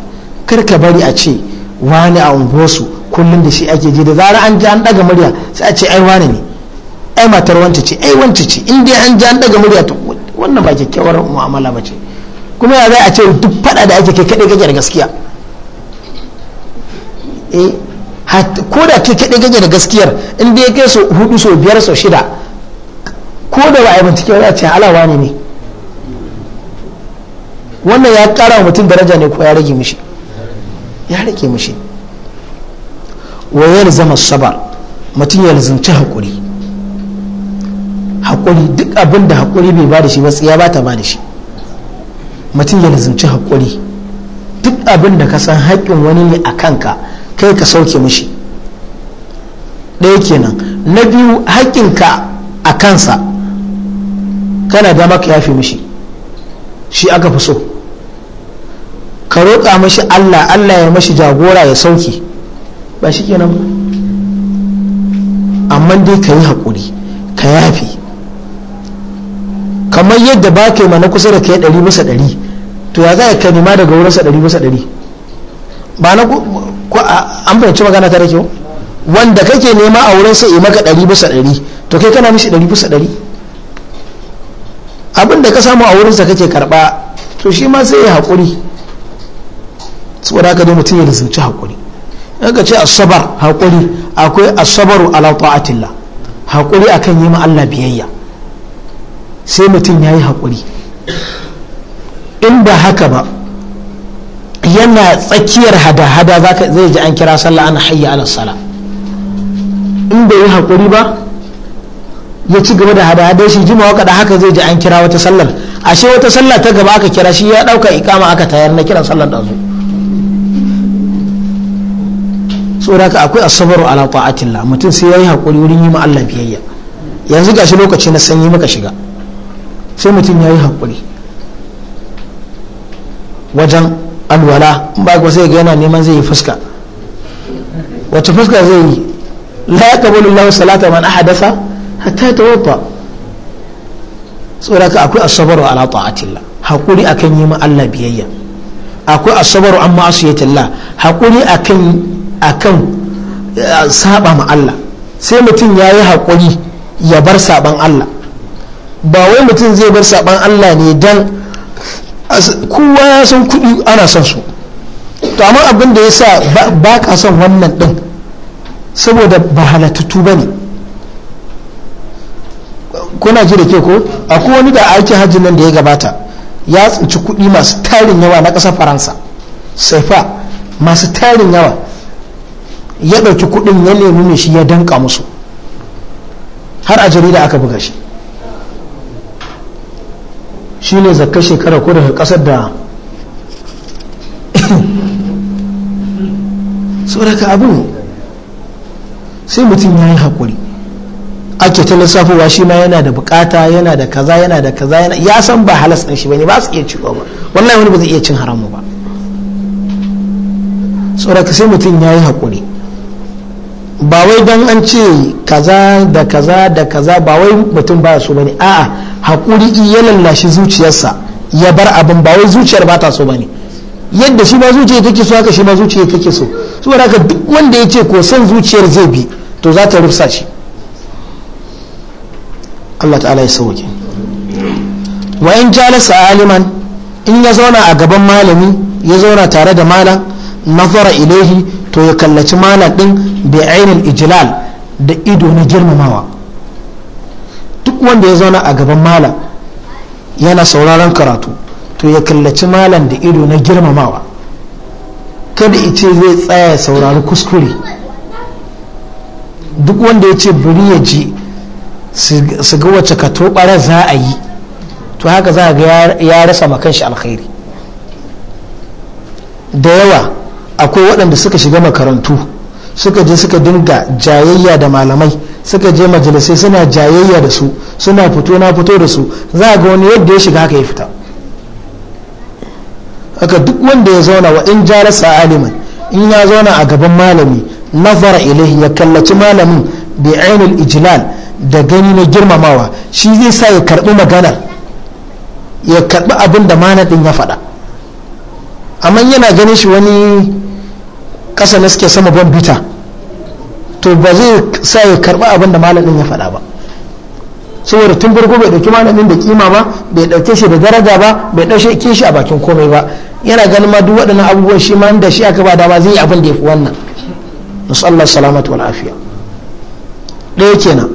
[SPEAKER 1] karka bari a ce wani a unguwarsu kullum da shi ake ji da zara an ji an daga murya sai a ce ai wani ne ai matar wance ce ai wance ce in dai an ji an daga murya to wannan ba kyakkyawar mu'amala ba ce kuma ya zai a ce duk fada da ake kai kaɗai kake da gaskiya eh ko da ke kaɗai kake da gaskiyar in dai kai so hudu so biyar so shida ko da ba a yi bincike ba ce alawa ne ne wannan ya kara mutum daraja ne ko ya rage mishi ya rage mishi wa zama sabar mutum ya lazimci hakuri haƙuri duk abin da haƙuri bai ba da shi ba tsiya ba ta ba da shi mutum ya lazimci haƙuri duk abin da ka san haƙƙin wani ne a kanka kai ka sauke mishi ɗaya kenan na biyu haƙƙinka a kansa kana dama ka yafi mishi shi aka fi so ka roƙa mashi Allah Allah ya mashi jagora ya sauke ba shi kenan ba amma dai ka yi haƙuri ka yafi kamar yadda ba ka yi mana kusa da kai ɗari masa ɗari to ya za ka ma daga wurinsa ɗari masa ɗari ba na an fahimci magana ta da kyau wanda kake nema a wurinsa yi maka ɗari masa ɗari to kai kana mishi ɗari masa ɗari abin da ka samu a wurinsa kake karɓa to shi ma sai ya haƙuri saboda haka dai mutum ya lisanci haƙuri in ka ce asabar haƙuri akwai asabaru ala ta'atillah haƙuri akan yi ma Allah biyayya sai mutum ya yi haƙuri in haka ba yana tsakiyar hada-hada zai ji an kira sallah ana hayya ala sala in bai yi haƙuri ba ya ci gaba da hada-hada shi jima waka da haka zai ji an kira wata sallar ashe wata sallar ta gaba aka kira shi ya ɗauka ikama aka tayar na kiran sallar zo saboda ka akwai asabaru ala ta'atillah mutum sai ya yi haƙuri wurin yi ma Allah biyayya yanzu gashi lokaci na sanyi muka shiga sai mutum ya yi haƙuri wajen alwala in ba sai ga yana neman zai yi fuska wacce fuska zai yi la ya kabalu lahu salata man ahadasa hatta ya tawadda tsoraka akwai asabaru ala ta'atillah haƙuri akan yi ma Allah biyayya akwai asabaru an ma'asiyatillah haƙuri akan akan eh, saba ma Allah sai mutum ya yi haƙuri ya bar saban Allah ba wai mutum zai bar saban Allah ne dan kowa ya san kuɗi ana son su to amma abin da ya sa ba ka son wannan ɗin saboda ba halattattu ba ne kuna ji da ke ko akwai wani da aiki hajji nan da ya gabata ya tsinci kuɗi masu tarin yawa na ƙasar faransa saifa masu tarin yawa ya ɗauki kuɗin ya nemi mai shi ya danka musu har a jarida aka buga shi Shi ne zakar shekara ko daga kasar da tsoraka abin sai mutum ya yi haƙuri ake ta lissafowa shi ma yana da bukata yana da kaza yana da kaza ya san ba halas shi ba ne ba su iya ciwo ba wallahi wani ba zai iya cin haramu ba tsoraka sai mutum ya yi haƙuri ba wai don an ce kaza da kaza da kaza ba wai mutum baya so bane a'a hakuri ya lallashi zuciyarsa ya bar abin ba wai zuciyar ba ta so bane yadda shi ba zuciya take so haka shi ba zuciya take so saboda haka duk wanda ya ce ko son zuciyar zai bi to za ta rufsa shi Allah ta'ala ya sauke wa in jalasa aliman in ya zauna a gaban malami ya zauna tare da malam nazara ilaihi to ya kallaci malam din bi ainul ijlal da ido na girmamawa duk wanda ya zauna a gaban malam yana sauraron karatu to ya kallaci malam da ido na girmamawa kada ice zai tsaya saurari kuskure duk wanda ya ce bari ya ji su ga wacce ka tobara za a yi to haka za a ga ya rasa makan shi alkhairi da yawa akwai waɗanda suka shiga makarantu suka je suka dinga jayayya da malamai suka je majalisai suna jayayya da su suna fito na fito da su za a ga wani yadda ya shiga haka ya fita haka duk wanda ya zauna wa in jarasa aliman in ya zauna a gaban malami nazara ilaihi ya kallaci malamin bi ainul ijlal da gani na girmamawa shi zai sa ya karbi maganar ya karbi abin da mana ya faɗa amma yana ganin shi wani ƙasa ne suke sama ban bita to ba zai sa ya karɓi abin da malamin ya faɗa ba saboda tun farko bai ɗauki malamin da kima ba bai ɗauke shi da daraja ba bai ɗauke shi a bakin komai ba yana ganin ma duk waɗannan abubuwan shi ma da shi aka ba dama zai yi abin da ya fi wannan musallar salamatu wal afiya ɗaya kenan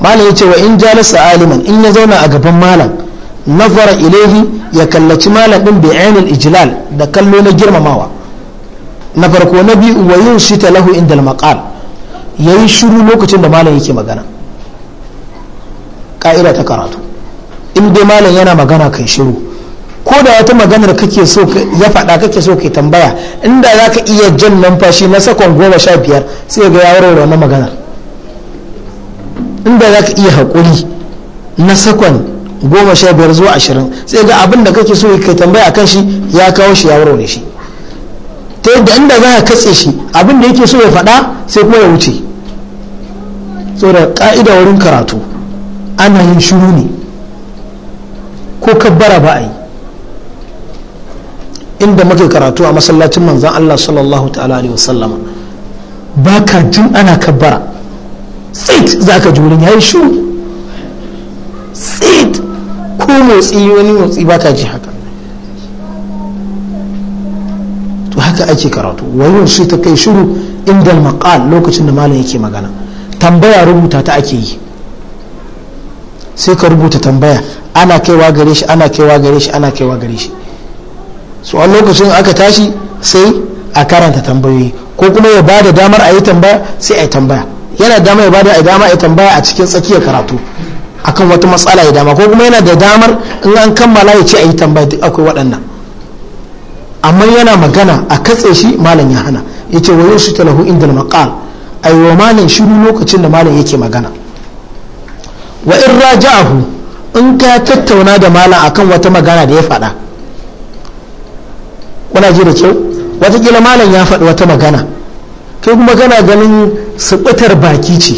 [SPEAKER 1] malam ce wa in jalisa aliman in ya zauna a gaban malam nazara ilaihi ya kallaci malam din bi ainil ijlal da kallo na girmamawa na farko na biyu wa yin shi ta lahu inda maqal ya yi shiru lokacin da malam yake magana ƙa'ida ta karatu in dai malam yana magana kai shiru ko da wata maganar kake so ya faɗa kake so kai tambaya inda za ka iya jan numfashi na sakon goma sha biyar sai ga ya warware wannan maganar inda za ka iya haƙuri na sakon goma sha biyar zuwa ashirin sai ga abin da kake so kai tambaya kan shi ya kawo shi ya warware shi ta yadda inda za a katse shi abin da yake so ya faɗa sai kuma ya wuce da ƙa'ida wurin karatu ana yin shuru ne ko kabbara ba a yi inda muke karatu a masallacin manzan Allah sallallahu ta'ala alaihi wasallama ba ka jin ana kabbara tsit za ka ji wurin ya yi shuru tsit ko motsi wani motsi ba ka ji haka to haka ake karatu wayon shi ta kai shiru inda maqal lokacin da malam yake magana tambaya rubuta ta ake yi sai ka rubuta tambaya ana kaiwa gare shi ana kaiwa gare shi ana kaiwa gare shi so a lokacin aka tashi sai a karanta tambayoyi ko kuma ya bada damar a yi tambaya sai a yi tambaya yana dama ya bada dama a yi tambaya a cikin tsakiyar karatu akan wata matsala ya dama ko kuma yana da damar in an kammala ya ce a yi tambaya duk akwai waɗannan amma yana magana a katse shi malam ya hana yace wa yau lahu indal maqal ai wa malam shiru lokacin da malam yake magana wa in raja'ahu in ka tattauna da malam akan wata magana da ya faɗa kuna ji da kyau watakila malam ya faɗi wata magana kai kuma kana ganin subutar baki ce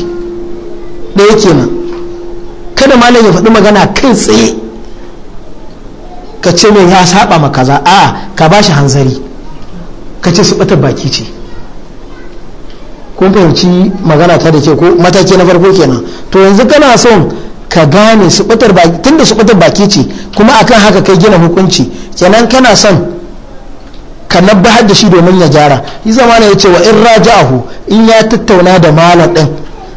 [SPEAKER 1] ɗaya kenan kada malam ya faɗi magana kai tsaye ka ce mai ya saba ma kaza a ka ba shi hanzari ka ce su bata baki ce kun fahimci magana ta da ke ko mataki na farko kenan to yanzu kana son ka gane su bata baki tunda su bata baki ce kuma akan haka kai gina hukunci kenan kana son ka nabba da shi domin ya gyara yi zamana ya ce wa in raja'ahu in ya tattauna da malam din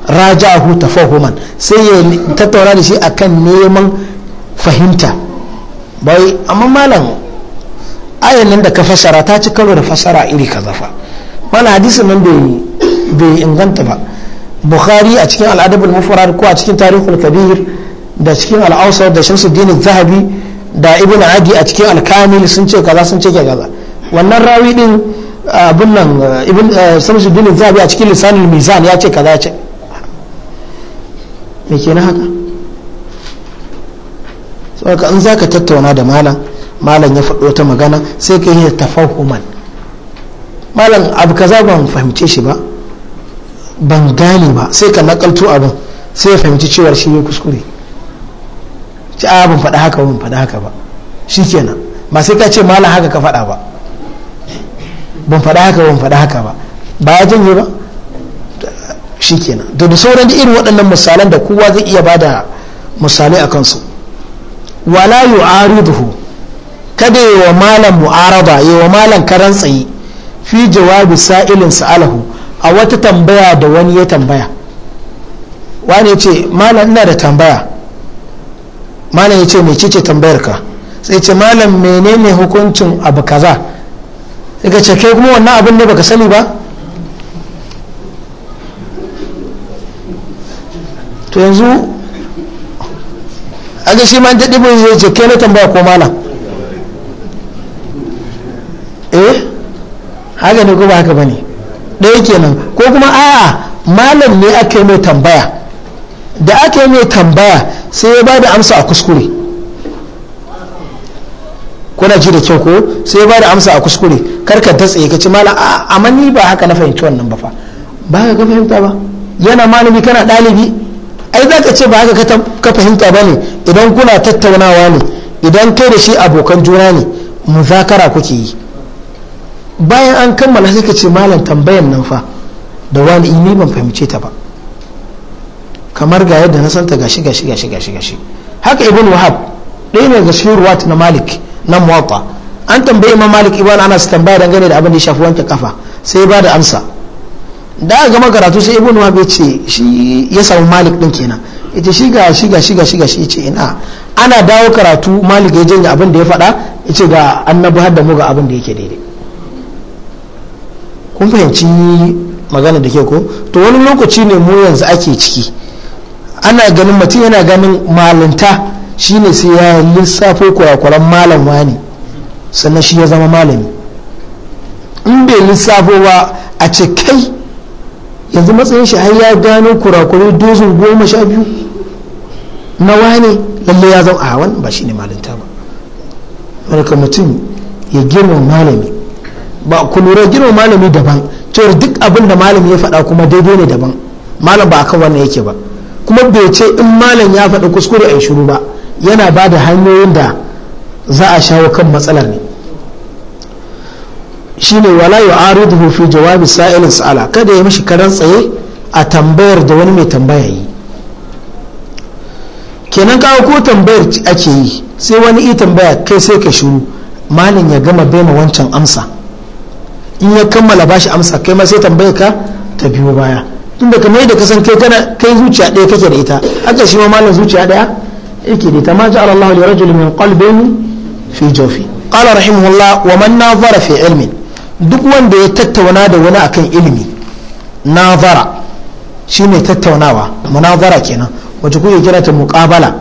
[SPEAKER 1] raja'ahu tafahuman sai ya tattauna da shi akan neman fahimta bai amma malam ayan nan da ka fasara ta ci karo da fasara iri ka zafa mana hadisin nan bai inganta ba bukhari a cikin al'adabul mufrad ko a cikin tarihul kabir da cikin al'ausar da shamsuddin zahabi da ibn adi a cikin al-kamil sun ce kaza sun ce kaza wannan rawi din abun nan ibn eh, shamsuddin zahabi a cikin lisanul mizan ya ce kaza ce me kenan haka saboda in zaka tattauna da malam malam ya faɗo ta magana sai ka yi tafahuman malam abu kaza ban fahimce shi ba ban gane ba sai ka nakalto abin sai ya fahimci cewar shi ya kuskure ci a ban faɗa haka ban faɗa haka ba shi kenan ba sai ka ce malam haka ka faɗa ba ban faɗa haka ban faɗa haka ba ba ya janye ba shi kenan da sauran da irin waɗannan misalan da kowa zai iya bada misalai a kansu wala yu'ariduhu kada yi wa malam mu'araba yi wa malam karan tsaye fi jawabi sa'ilin sa'alahu a wata tambaya da wani ya tambaya wani ce malam ina da tambaya malam ya ce mai ce tambayar ka sai ce malam menene hukuncin abu kaza sai ce kai kuma wannan abin ne baka sani ba to yanzu aga shi ma daɗi bai zai ce kai na tambaya ko malam eh haka ne ko ba haka bane ɗaya kenan ko kuma a'a malam ne aka yi mai tambaya da aka yi mai tambaya sai ya ba da amsa a kuskure kuna ji da kyau ko sai ya ba da amsa a kuskure karka ta tsaye ka ci malam a ni ba haka na fahimci wannan ba fa ba ka fahimta ba yana malami kana ɗalibi ai za ka ce ba haka ka fahimta ba ne idan kuna tattaunawa ne idan kai da shi abokan juna ne muzakara kuke yi bayan an kammala sai ka ce malam tambayan nan fa da wani ini ban fahimce ta ba kamar ga yadda na santa gashi gashi gashi gashi gashi haka ibn wahab ɗaya ne ga shi ruwat na malik na muwatta an tambayi ma malik ibn anas tambaya dangane da abin da ya shafi wanke kafa sai ba da amsa da aka gama karatu sai ibnu wahab ce shi ya samu malik din kenan yace shi ga shi ga shi ga ina ana dawo karatu malik ya janye abin da ya faɗa yace ga annabi har da mu ga abin da yake daidai kun fahimci magana da ke ko to wani lokaci ne mu yanzu ake ciki ana ganin mutum yana ganin malinta shine sai ya lissafo kwarakwaran malam wani sannan shi ya zama malami in bai lissafo ba a ce kai yanzu matsayin shi har ya gano kurakuri dozin goma sha biyu na wane lalle ya zama a wani ba shi ne malinta ba barka mutum ya girma malami ba ku lura girma malami daban cewar duk abin da malami ya faɗa kuma daidai ne daban malam ba a akan wannan yake ba kuma bai ce in malam ya faɗi kuskure a shiru ba yana ba da hanyoyin da za a shawo kan matsalar ne shine wala yu'aridu fi jawabi sa'ilin sa'ala kada ya mishi karan tsaye a tambayar da wani mai tambaya yi kenan kawo ko tambayar ake yi sai wani i tambaya kai sai ka shiru malin ya gama bema wancan amsa in ya kammala ba shi amsa kai ma sai tambayar ka ta biyo baya tunda mai yadda kasan kai kana kai zuciya ɗaya kake da ita haka shi ma malin zuciya ɗaya yake da ita ma ja'ala Allahu li rajulin min qalbin fi jawfi qala rahimahullah wa man nazara fi ilmin duk wanda ya tattauna da wani akan ilimi nazara shine tattaunawa munazara kenan wacce kuke kira ta muqabala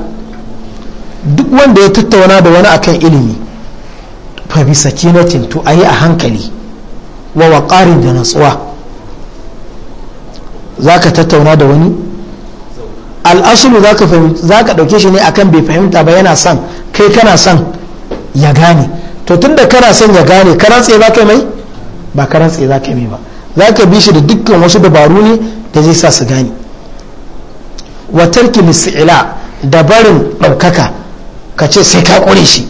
[SPEAKER 1] duk wanda ya tattauna da wani akan ilimi fa bi sakinatin to ayi a hankali wa waqari da natsuwa zaka tattauna da wani al'asulu za ka ɗauke shi ne akan bai fahimta ba yana son kai kana son ya gane to tunda kana son ya gane kana tsaye ba kai mai ba karan tsaye za ka yi ba za ka bi shi da dukkan wasu dabaru ne da zai sa su gane wa tarki lisila da barin ɗaukaka ka ce sai ka ƙure shi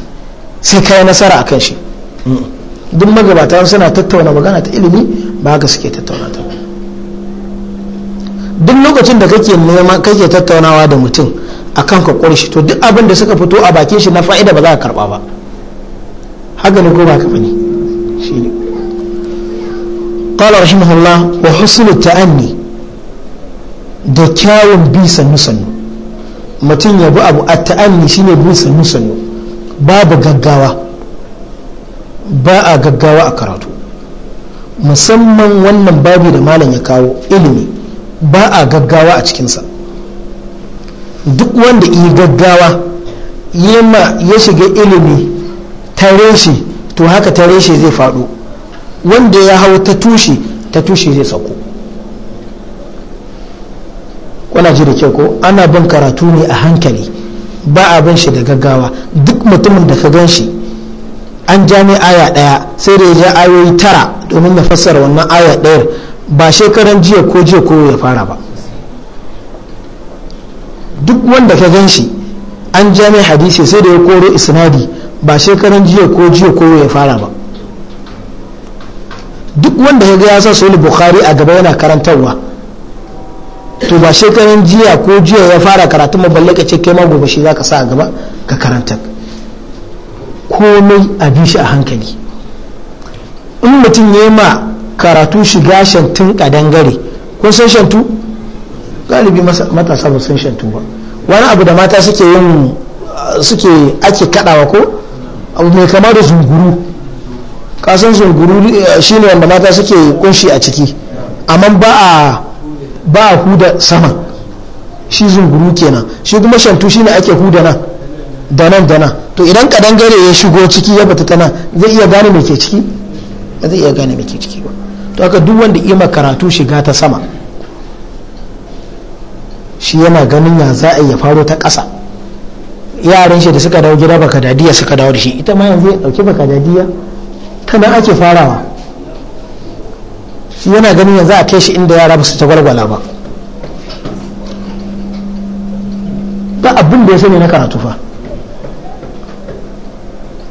[SPEAKER 1] sai ka yi nasara a kan shi duk magabata suna tattauna magana ta ilimi ba ka suke tattauna ta duk lokacin da kake nema kake tattaunawa da mutum akan ka ƙure shi to duk abin da suka fito a bakin shi na fa'ida ba za ka karba ba haka ne ko ba ka bane shi ne قال رحمه الله وحسن التأني da kyawun bi sannu-sannu mutum ya bi abu a ta'anni shine bi sannu-sannu babu gaggawa ba a gaggawa a karatu musamman wannan babu da malam ya kawo ilimi ba a gaggawa a cikinsa duk wanda yi gaggawa ya shiga ilimi tare shi to haka tare shi zai faɗo wanda ya hau ta tushe ta tushe zai sauko kuna ji da kyau ko ana bin karatu ne a hankali ba a bin shi da gaggawa duk mutumin da ka gan shi an ja aya ɗaya sai da ya ja ayoyi tara domin na fassara wannan aya ɗayar ba shekaran jiya ko jiya ko ya fara ba duk wanda ka gan shi an ja hadisi sai da ya koro isnadi ba shekaran jiya ko jiya ko ya fara ba duk wanda ya ga ya sa sahih bukhari a gaba yana karantarwa to ba shekaran jiya ko jiya ya fara karatun maballe ka ce kai ma gobe shi zaka sa a gaba ka karanta komai a bi shi a hankali in mutum ya ma karatu shiga shantun kadangare kun san shantu galibi matasa ba san shantu ba wani abu da mata suke yin suke ake kadawa ko abu mai kama da zunguru kasan zunguru eh, ne wanda mata suke kunshi a ciki amma ba a ba a huda sama shi zunguru kenan shi kuma shantu shi ne ake huda nan da nan da nan to idan kadangare ya shigo ciki ya bata tana zai iya gane me ke ciki ba zai iya gane me ke ciki ba to haka duk wanda ima karatu shiga ta sama shi yana ganin ya za a ya faro ta ƙasa yaran shi da suka dawo gida baka dadiya suka dawo da shi ita ma yanzu ya dauki baka dadiya ta nan ake farawa shi yana ganin yanzu a kai shi inda yara ba su gwargwala ba ba abin da ya sani na karatu fa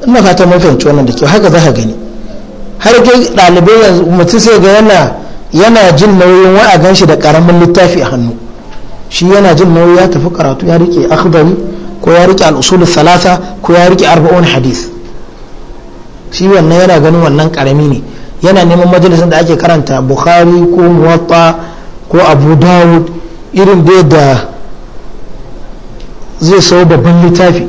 [SPEAKER 1] ina fata mun fahimci wannan da kyau haka za ka gani har ke ɗalibai yanzu mutum sai ga yana yana jin nauyin wa a gan shi da karamin littafi a hannu shi yana jin nauyi ya tafi karatu ya rike akhbari ko ya rike al-usul thalatha ko ya rike arba'un hadith shi wannan yana ganin wannan karami ne yana neman majalisar da ake karanta bukhari ko muwatta ko abu dawud irin da da zai sau babban littafi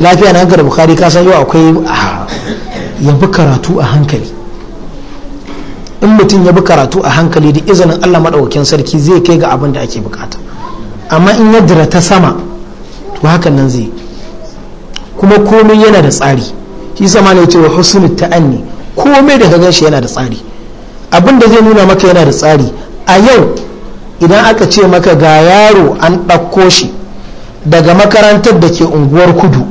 [SPEAKER 1] lafiya na hankali bukhari ka san yau akwai ah, bi karatu a hankali in mutum ya bi karatu a hankali da izinin allah maɗaukakin sarki zai kai ga abin da ake bukata amma in yadda dira ta sama to hakan nan zai kuma komai yana da tsari shi zama ne cewa husnul ta'anni komai da ka shi yana da tsari abin da zai nuna maka yana da tsari a yau idan aka ce maka ga yaro an ɗauko shi daga makarantar da ke unguwar kudu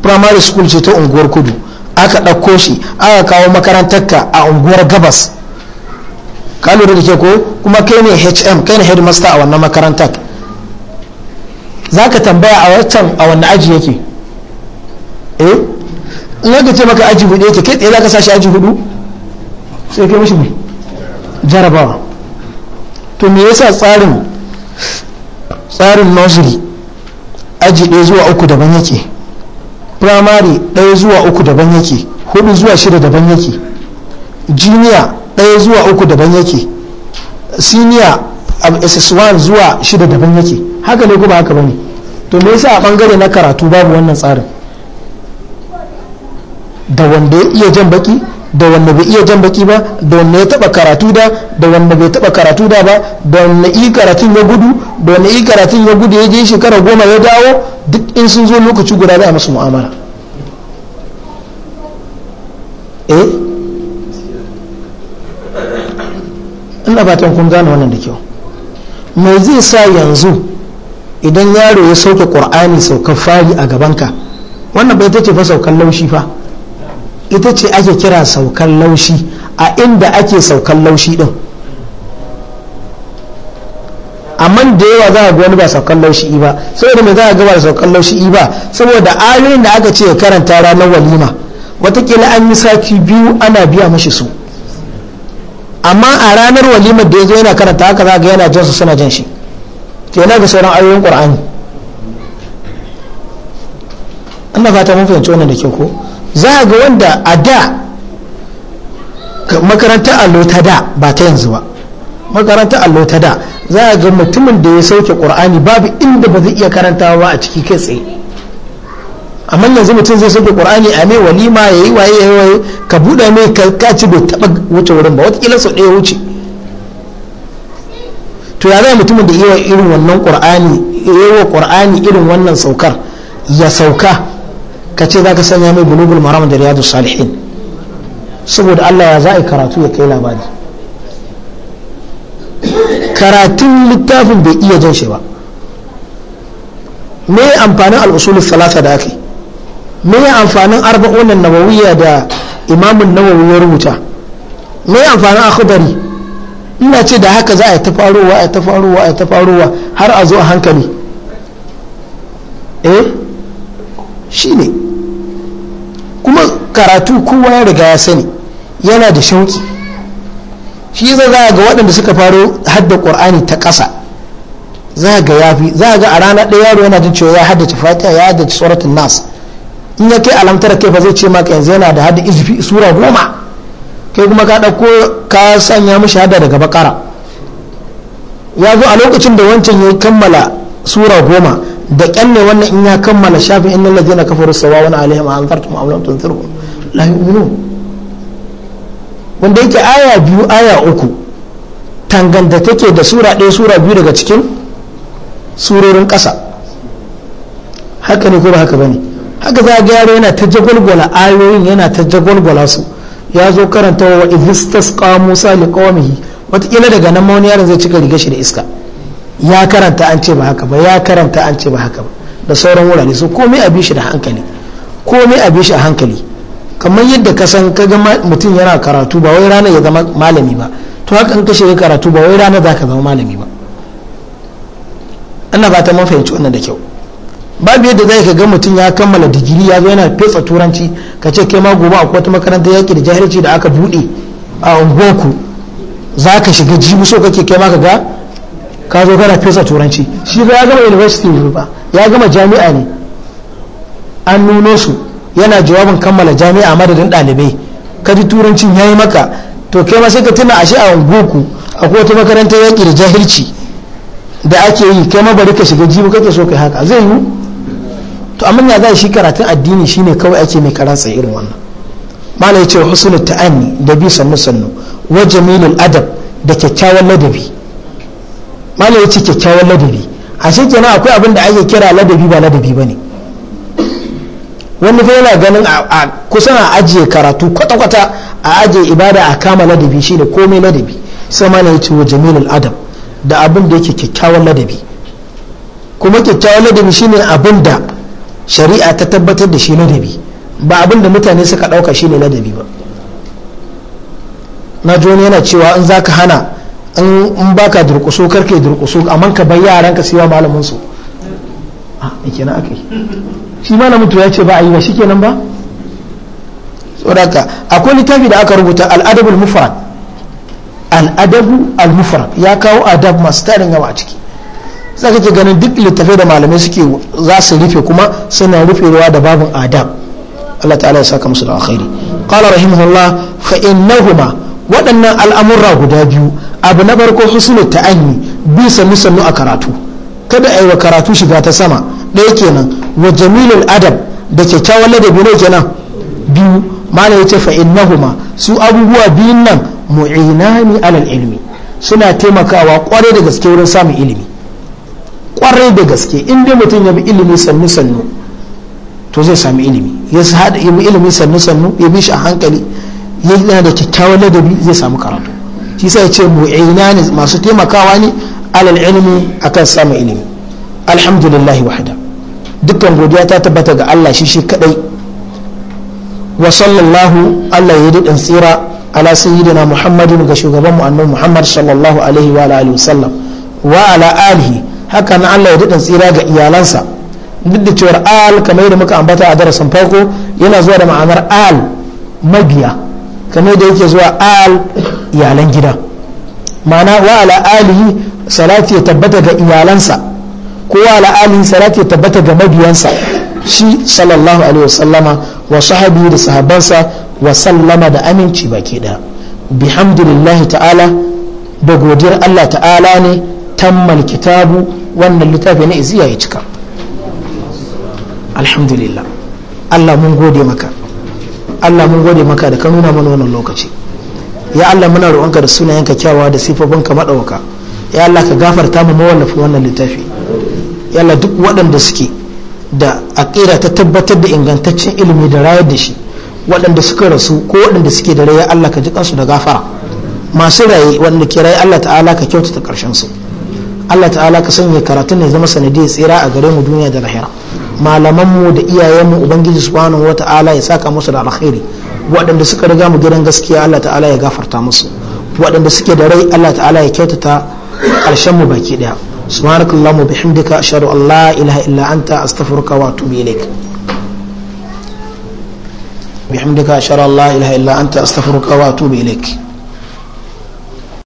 [SPEAKER 1] primary school ce ta unguwar kudu aka ɗauko shi aka kawo ka a unguwar gabas ka lura da ke ko kuma kai ne hm kai ne headmaster a wannan makarantar za ka tambaya a watan a wannan aji yake eh in aka ce maka aji hudu yake kai tsaye za ka sa shi aji hudu sai kai mashi mai jarabawa to me yasa tsarin tsarin nursery aji ɗaya zuwa uku daban yake primary ɗaya zuwa uku daban yake hudu zuwa shida daban yake junior ɗaya zuwa uku daban yake senior um, ss1 zuwa shida daban yake haka ne kuma ba haka bane to me yasa a bangare na karatu babu wannan tsarin da wanda ya iya jan baki da wanda bai iya jan baki ba da wanda ya taba karatu da da wanda bai taba karatu da ba da wanda yi karatun ya gudu da wanda yi karatun ya gudu ya je shekara goma ya dawo duk in sun zo lokaci guda za a musu mu'amala eh ina fatan kun gane wannan da kyau me zai sa yanzu idan yaro ya sauke qur'ani saukan fari a gabanka wannan bai ta ce fa saukan laushi fa ita ce ake kira saukan laushi a inda ake saukan laushi din amma da yawa za a ga wani ba saukan laushi ba saboda mai za a gaba da saukan laushi ba saboda ayoyin da aka ce karanta ranar walima watakila an yi saki biyu ana biya mashi su amma a ranar walima da ya zo yana karanta haka za ga yana su suna jan shi kenan ga sauran ayoyin ƙwar'ani Allah fata mun fahimci wannan da ke ko za a ga wanda a da makaranta allo ta da ba ta yanzu ba Makaranta allo ta da za a ga mutumin da ya sauke ƙur'ani babu inda ba zai iya karantawa ba a ciki kai tsaye amma yanzu mutum zai sauke ƙur'ani a mai walima ya yi waye ya waye ka buɗe mai kaci bai taɓa wuce wurin ba watakila sau ɗaya wuce to ya zai mutumin da iya irin wannan ya yi wa ƙur'ani irin wannan saukar ya sauka ka ce za ka sanya mai bulugul maram da riyadu salihin saboda Allah ya za'i karatu ya kai labari karatun littafin bai iya jan shi ba me amfanin al'usul salata da ake me amfanin arba'unan nawawiyya da imamun nawawi ya rubuta me amfanin akhbari ina ce da haka za a yi ta faruwa a ta faruwa a ta faruwa har a zo a hankali eh shi ne karatu kowa ya riga ya sani yana da shauki shi za za ga waɗanda suka faro hadda ƙur'ani ta ƙasa za ga ya fi za ga a rana ɗaya yaro yana jin cewa ya haddace fatiha ya haddace suratul nas in ya kai alamtar kai fa zai ce maka yanzu yana da hadda izufi sura goma kai kuma ka ɗauko ka sanya mishi hadda daga bakara ya zo a lokacin da wancan ya kammala sura goma da kyanne wannan in ya kammala shafin kafa ladina kafaru wani alaihim anzartum am lam tunzirhum la yu'minu wanda yake aya biyu aya uku tanganta take da sura ɗaya sura biyu daga cikin surorin ƙasa haka ne ko ba haka ba ne haka za ga yaro yana ta jagwalgwala ayoyin yana ta jagwalgwala su ya zo karanta wa idhistasqa musa liqawmihi wataƙila daga nan mawani yaron zai cika riga shi da iska ya karanta an ce ba haka ba ya karanta an ce ba haka ba da sauran wurare su komai abin shi da hankali komai a shi a hankali kamar yadda ka san kaga mutum yana karatu ba wai rana ya zama malami ba to haka in ka shiga karatu ba wai rana za ka zama malami ba ana ba ta mun fahimci wannan da kyau babu yadda zai ka ga mutum ya kammala digiri ya zo yana fesa turanci ka ce kai ma gobe akwai wata makaranta yaki da jahilci da aka buɗe a unguwarku za ka shiga jibi so kake kai ma ka ga ka zo kana fesa turanci shi ba ya gama university ba ya gama jami'a ne an nuno su yana jawabin kammala jami'a madadin ɗalibai ka ji turancin yi maka to kai ma sai ka tuna ashe a a ko wata makarantar yaƙi da jahilci da ake yi kai ma bari ka shiga jibi kake so kai haka zai yi to amma ya za shi karatun addini shine kawai ake mai karan irin wannan malai ya ce husnul ta'anni da bi sannu sannu wa jamilul adab da kyakkyawan ladabi malai ya ce kyakkyawan ladabi ashe kenan akwai abin da ake kira ladabi ba ladabi bane wani fa yana ganin a kusan a ajiye karatu kwata-kwata a ajiye ibada a kama ladabi shine komai ladabi sai ma na yi cewa jamilul adam da abin da yake kyakkyawan ladabi kuma kyakkyawan ladabi shine abin da shari'a ta tabbatar da shi ladabi ba abin da mutane suka ɗauka shine ladabi ba na joni yana cewa in za ka hana in baka durƙuso karke durƙuso amma ka bar yaranka siwa malamin su a ikina ah, aka yi shi malamin to ya ce ba a yi ba kenan ba saboda akwai littafi da aka rubuta al'adabul mufrad al'adabu al-mufrad ya kawo adab masu tarin gama a ciki sai kake ganin duk littafai da malamai suke za su rufe kuma suna rufewa da babin adab Allah ta'ala ya saka musu da alkhairi qala rahimahullah fa innahuma waɗannan al'amurra guda biyu abu na farko husnul ta'anni bisa musannu a karatu kada ayi wa karatu shiga ta sama ɗaya kenan wa jamilul adab da kyakkyawan ladabi ne kenan biyu malam yace fa innahuma su abubuwa biyun nan mu'inani alal ilmi suna taimakawa kwarai da gaske wurin samun ilimi kwarai da gaske in dai mutum ya bi ilimi sannu sannu to zai sami ilimi ya hada ya bi ilimi sannu sannu ya bi shi a hankali yana da kyakkyawan ladabi zai samu karatu shi sai ya ce mu'inani masu taimakawa ne alal ilmi akan samun ilimi alhamdulillahi wahdahu dukkan godiya ta tabbata ga Allah shi shi kadai wa sallallahu Allah ya daɗin tsira ala sayyidina muhammadin ga shugaban mu annabi muhammad sallallahu alaihi wa alihi wa sallam wa ala alihi haka na Allah ya daɗin tsira ga iyalansa duk da cewa al kamar yadda muka ambata a darasin farko yana zuwa da ma'anar al mabiya kamar yadda yake zuwa al iyalan gida ma'ana wa ala alihi salati ya tabbata ga iyalansa kowa ala alihi salati ya tabbata ga mabiyansa shi sallallahu alaihi wasallama wa sahabi da sahabansa wa sallama da aminci baki daya bihamdillahi ta'ala da godiyar Allah ta'ala ne tammal kitabu wannan littafi na iziya ya cika alhamdulillah Allah mun gode maka Allah mun gode maka da ka nuna mana wannan lokaci ya Allah muna roƙonka da sunayenka kyawawa da sifofinka madauka ya Allah ka gafarta mu mawallafin wannan littafi yalla duk waɗanda suke da aƙira ta tabbatar da ingantaccen ilimi da rayar da shi waɗanda suka rasu ko waɗanda suke da rayar Allah ka ji kansu da gafara masu raye waɗanda ke raye Allah ta'ala ka kyauta ta ƙarshen su Allah ta'ala ka sanya karatun ne zama sanadiyar tsira a gare mu duniya da lahira malaman mu da iyayen mu ubangiji subhanahu ta'ala ya saka musu da alkhairi waɗanda suka riga mu gidan gaskiya Allah ta'ala ya gafarta musu waɗanda suke da rai Allah ta'ala ya kyautata ƙarshen mu baki ɗaya subhanakallahumma bihamdika ashhadu an la ilaha illa anta wa atubu